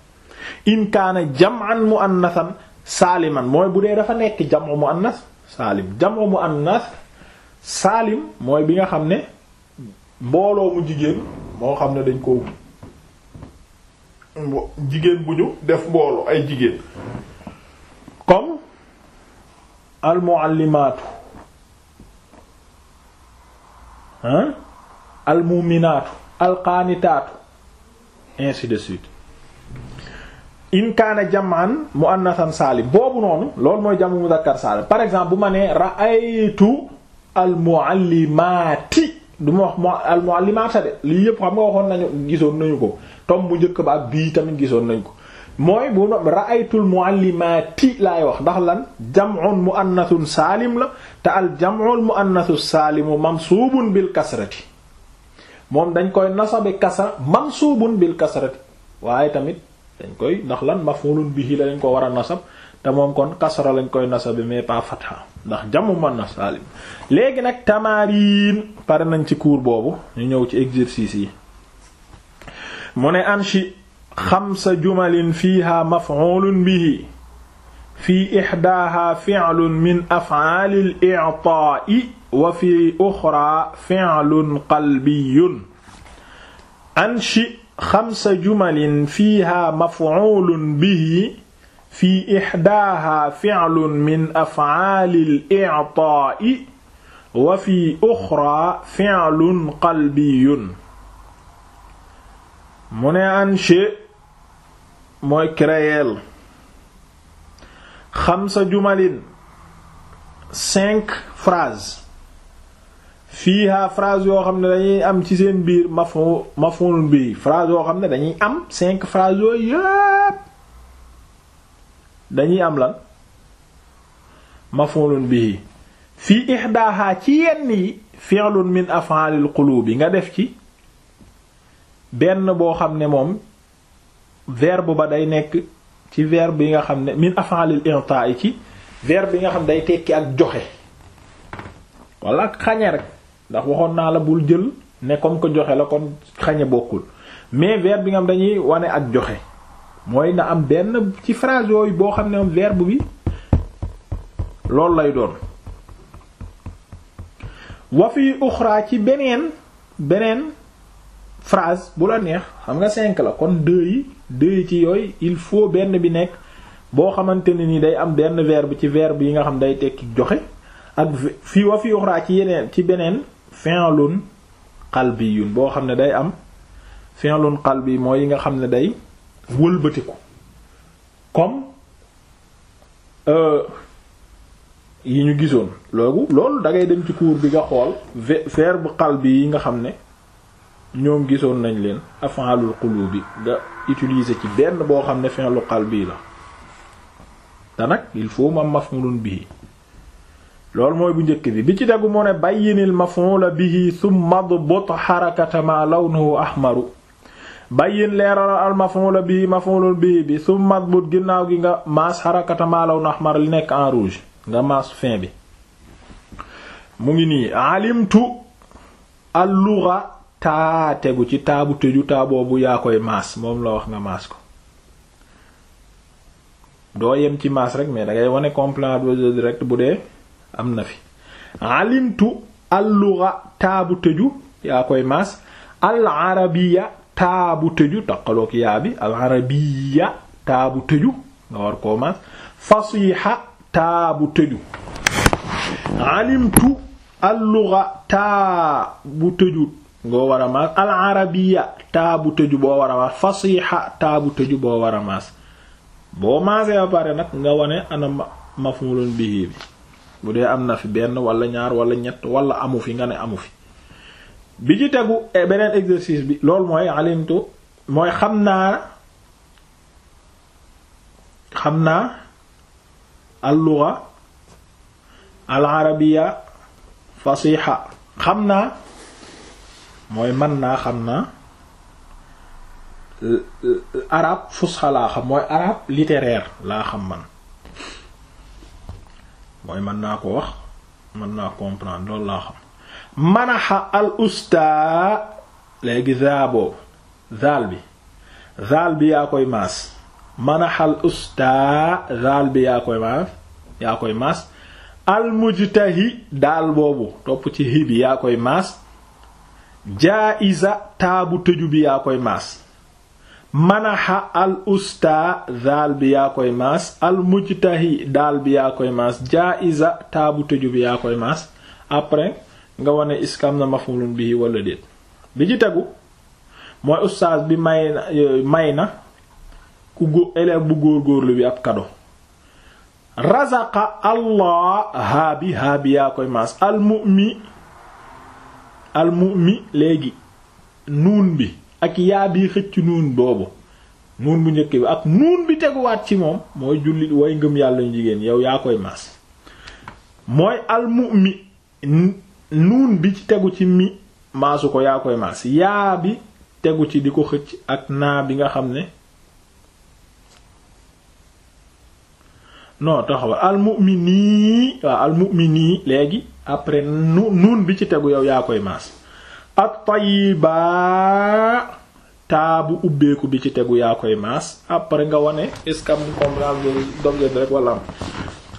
in kaana jam'an mu'annathan saaliman mooy bu dee dafa nekk jam'u mu'annath saalim jam'u mu'annath saalim mooy bi nga xam ne mbooloo mu jigéen moo xam ne dañ ko jigéen bu ñu def mbooloo ay jigéen comme al mu'allimaatu hein al mu'minaatu al de suite in kaana mu muannathan saalim boobu noonu loolu mooy jamu muzakkar saalim par exemple bu ma nee al muallimati wax al muallimata lii yëpp xam nga waxoon nañu gisoon nañu ko tom bu njëkk ak bii tamit gisoon nañu ko mooy bu ra'aytu al muallimati wax ndax lan jam'un muannathun la te al jam'u al muannathu saalimu mansuubun bil kasrati moom dañ koy nasabe kasra mansuubun bil kasrati waaye tamit dañ koy ndax lan mafulun bihi la lañ ko war a nasab te moom kon kasra lañ koy nasabi mais pas fatha ndax jamu mën na saalim léegi nag tamarin pare nañ ci cours boobu ñu ñëw ci exercice yi mu ne anchi xamsa jumalin fiha maf'ulun bihi fi ihdaha fi'lun min af'alil i'ta'i wa fi ukhra fi'lun qalbiyyun anchi xamsa jumalin fiiha maf'ulun bihi fi ixdaaha ficlun min afcaali al-ictaa'i wa fi uxraa ficlun qalbiyun mu ne anché mooy créer xamsa jumalin cinq phrases fiiha phrase yoo xam ne dañuy am ci seen biir mafo mafhum bi frase yoo xam ne dañuy am cinq phrase yooyu yépp dañuy am la mafhum bi fii ihdaha ci yenn yi fi'lun min af'alil bi nga def ci benn boo xam ne moom verbe ba day nekk ci verbe yi nga xam ne min af'alil i'ta'i ci verbe bi nga xam day tekki ak joxe wala ak rek ndax waxoon naa la bul jël ne comme que joxe la kon xañe bokkul mais verbe bi nga xam dañuy wane ak joxe mooy na am benn ci phrase yooyu boo xam ne moom verbe bi loolu lay doon wa fi uxra ci beneen beneen frase bu la neex xam nga cinq la kon deux yi deux yi ci yooyu il faut benn bi nekk boo xamante ne ni day am benn verbe ci verbe yi nga xam day tekki joxe ak fi wa fi uxra ci yeneen ci beneen fi'lun qalbiyun boo xam ne day am xal bii mooy yi nga xam ne day wëlbatiku comme euh, yi ñu gisoon loogu loolu da dem ci kuur bi nga xool bu xal bii yi nga xam ne ñoom gisoon nañ leen af'alul qulubi nga utiliser ci benn boo xam ne fi'lun bii la te nag il faut ma maf'ulun bihi loolu mooy bu njëkk bi bi ci degu moo ne bayyinil maf'ula bihi thumma adbut harakata ma lawnuhu ahmaru bayyin leeralal al maf'ula bihi maf'ulun bihi bi thumma adbut ginnaaw gi nga maas harakata ma lawnuhu ahmar li nekk en rouge nga maas fin bi mu ngi nii alimtu al taa tegu ci taabu tëju taa boobu yaa koy maas moom la wax nga maas ko doo yem ci maas rek mais dangay wane complément direct bu dee am na fi alimtu al taabu tëju yaa koy maas al-arabiyya taabu tëju bi al-arabiyya taabu tëju nga war koo maas fasiha taabu tëju alimtu al taabu tëju ngoo war maas al-arabiyya taabu tëju boo war a maas fasiha taabu tëju boo war maas boo maasee ba pare nag nga wone ana maf'ulun bihi bi bu dee am na fi benn wala ñaar wala ñett wala amu fi nga ne amu fi bi ci tegu eh, beneen exercice bi loolu mooy alimtu mooy xam naa xam naa al-lugha al-arabiyya fasiha xam naa mooy man naa xam naa arabe fusxa laa xam mooy arabe littéraire laa xam man mooy mën naa ko wax mën naa comprendre loolu laa xam manaxa al usta léegi za boobu zaal bi zaal bi yaa koy maas manaxa al usta zaal bi yaa koy maas koy maas al mujtahi daal boobu topp ci hi bi yaa koy maas jaa iza taabu tëju bi yaa koy maas manaxa al usta daal bi yaa koy maas al mujtahi daal bi yaa koy maas jaiza taabu tëju bi yaa koy maas après nga wane iskam na mafulun bi wala déet bi ci tegu mooy ustaas bi may na euh, ku gó élève bu ab kado razaqa allah haabi haabi yaa koy maas al mumi al mumi léegi nuun bi ak yaa bi xëcc nuun boobu nuun bu njëkk bi ak nuun bi teguwaat ci moom mooy jullit woy ngëm yàlla ñu jigéen yow yaa koy maas mooy almumi nuun bi ci tegu ci mi maasu ko yaa koy maas yaa bi tegu ci di ko xëcc ak naa bi nga xam ne noo taxawal almumini waaw nii léegi après nu nuun bi ci tegu yow yaa koy maas at-tayyiba taabu ubbeeku bi ci tegu yaa koy maas après nga wane est-ce que am comprendre dogeen rek wala am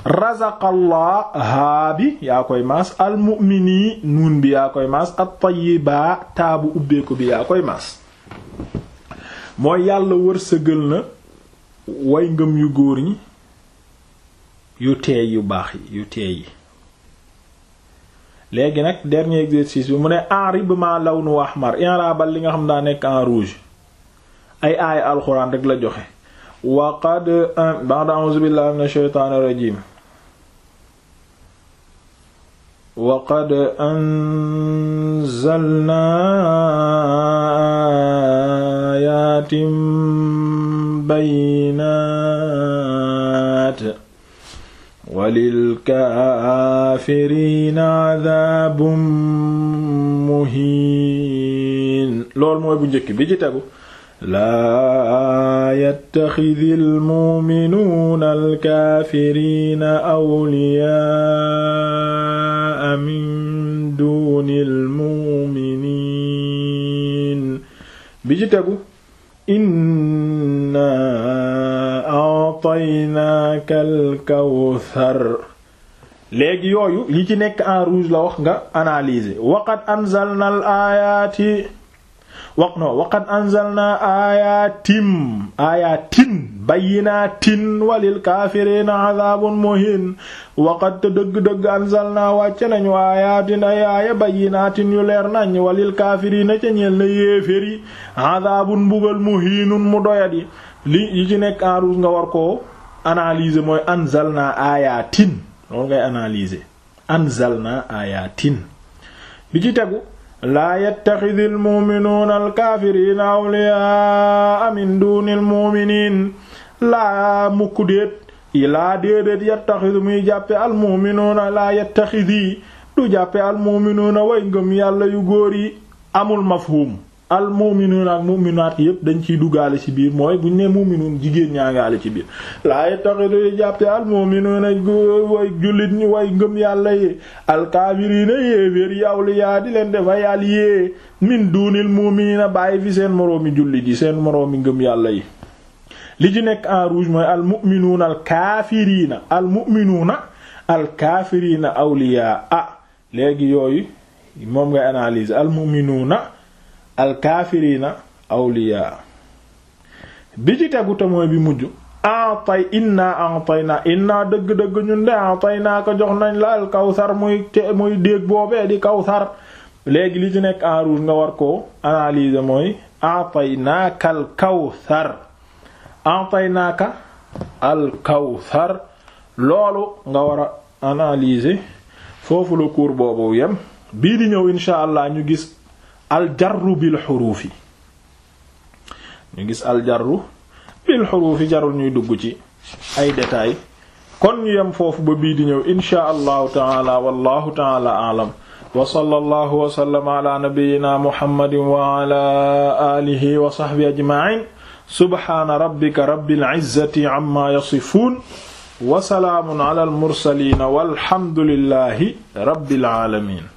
razaqallah yaa koy maas almu'mini nuun bi yaa koy maas at-tayyiba taabu ubbeeku bi yaa koy maas mooy yàlla wërsëgal na way ngëm yu góor ñi yu teey yu baax yi yu teey yi léegi nag dernier exercice bi mu ne arib ma lawnu ahmar i'rabal li nga xam daa nekk en rouge ay aaya alxuraan rek la joxe wa qad ba'da a'uuzu billahi minash shaytaanir rajiim wa qad anzalnaa aayaatin bayyinaatin walilkaafiriina adaabun muhiin loolu mooy bu njëkk bi ci tegu laa yattaxidil muminuuna alkaafiriina awliyaa min duunil muminiin bi ci tegu inna a'taynaaka léegi yooyu yi ci nekk en rouge la wax nga analyser waqad anzalna al ayaati waq no waqad anzalna ayatim ayatin bayyinatin muhin waqad te dëgg-dëgg anzalna wàcce nañu ayatin ay aaya yu leer nañ walil kaafiriina ca ñeel na yéeféri adaabun mbugal muhinun mu doyadi li yi ci nekk en nga war koo analyser mooy anzalna ayatin loolu ngay analyser anzalna ayatin bi ci tegu laa yattaxidil mu'minuuna alkaafiriina awliyaa min duunil mu'miniin laa mukk déet i laa déedéet yattaxidu muy jàppe almu'minuuna laa yattaxidi du jàppe almu'minuuna way ngëm yàlla yu góor yi amul mafhum al mu'minuun ak mu'minaat yëpp dañ ciy duggaale ci biir mooy buñ ne mu'minuun jigéen ñaa ngaale ci biir laaye taxitudi jàppe al mu'minuun a way jullit ñi way ngëm yàlla yi alkaafiriina yéeféer yi awliyaa di leen dafa yàll yée min duunil mu'miniina bàyyi fi seen moroomi jullit yi seen moroomi ngëm yàlla yi li ci nekk en rouge mooy al mu'minuuna al kaafiriina al mu'minuuna al kaafiriina awliyaa ah léegi yooyu moom nga analyse al mu'minuuna alkaafiriina awliyaa bi ci tegu te mooy bi mujj atay inna atayna inna dëgg-dëgg ñun de atayna ko jox nañ la al kawsar muy te muy déeg boobee di kawsar léegi li ci nekk en rouge nga war ko analyser mooy ataynaaka naa ka ataynaaka al kawsar loolu nga war a analyser foofu la cours boobu yem bii di ñëw insha allah ñu gis aljarru bil xuruufi ñu gis aljarru bil xuruufi jarul ñuy dugg ci ay détails kon ñu yem foofu ba bii di ñëw inshaa allahu taala wallahu taala aalam wa sallallahu wa sallama ala nabiyyina muhammadin wa ala alihi wa sahbihi ajma'in subhana rabbika rabbil izzati amma yasifun wa salaamun ala al mursalin walhamdulillahi rabbil alamin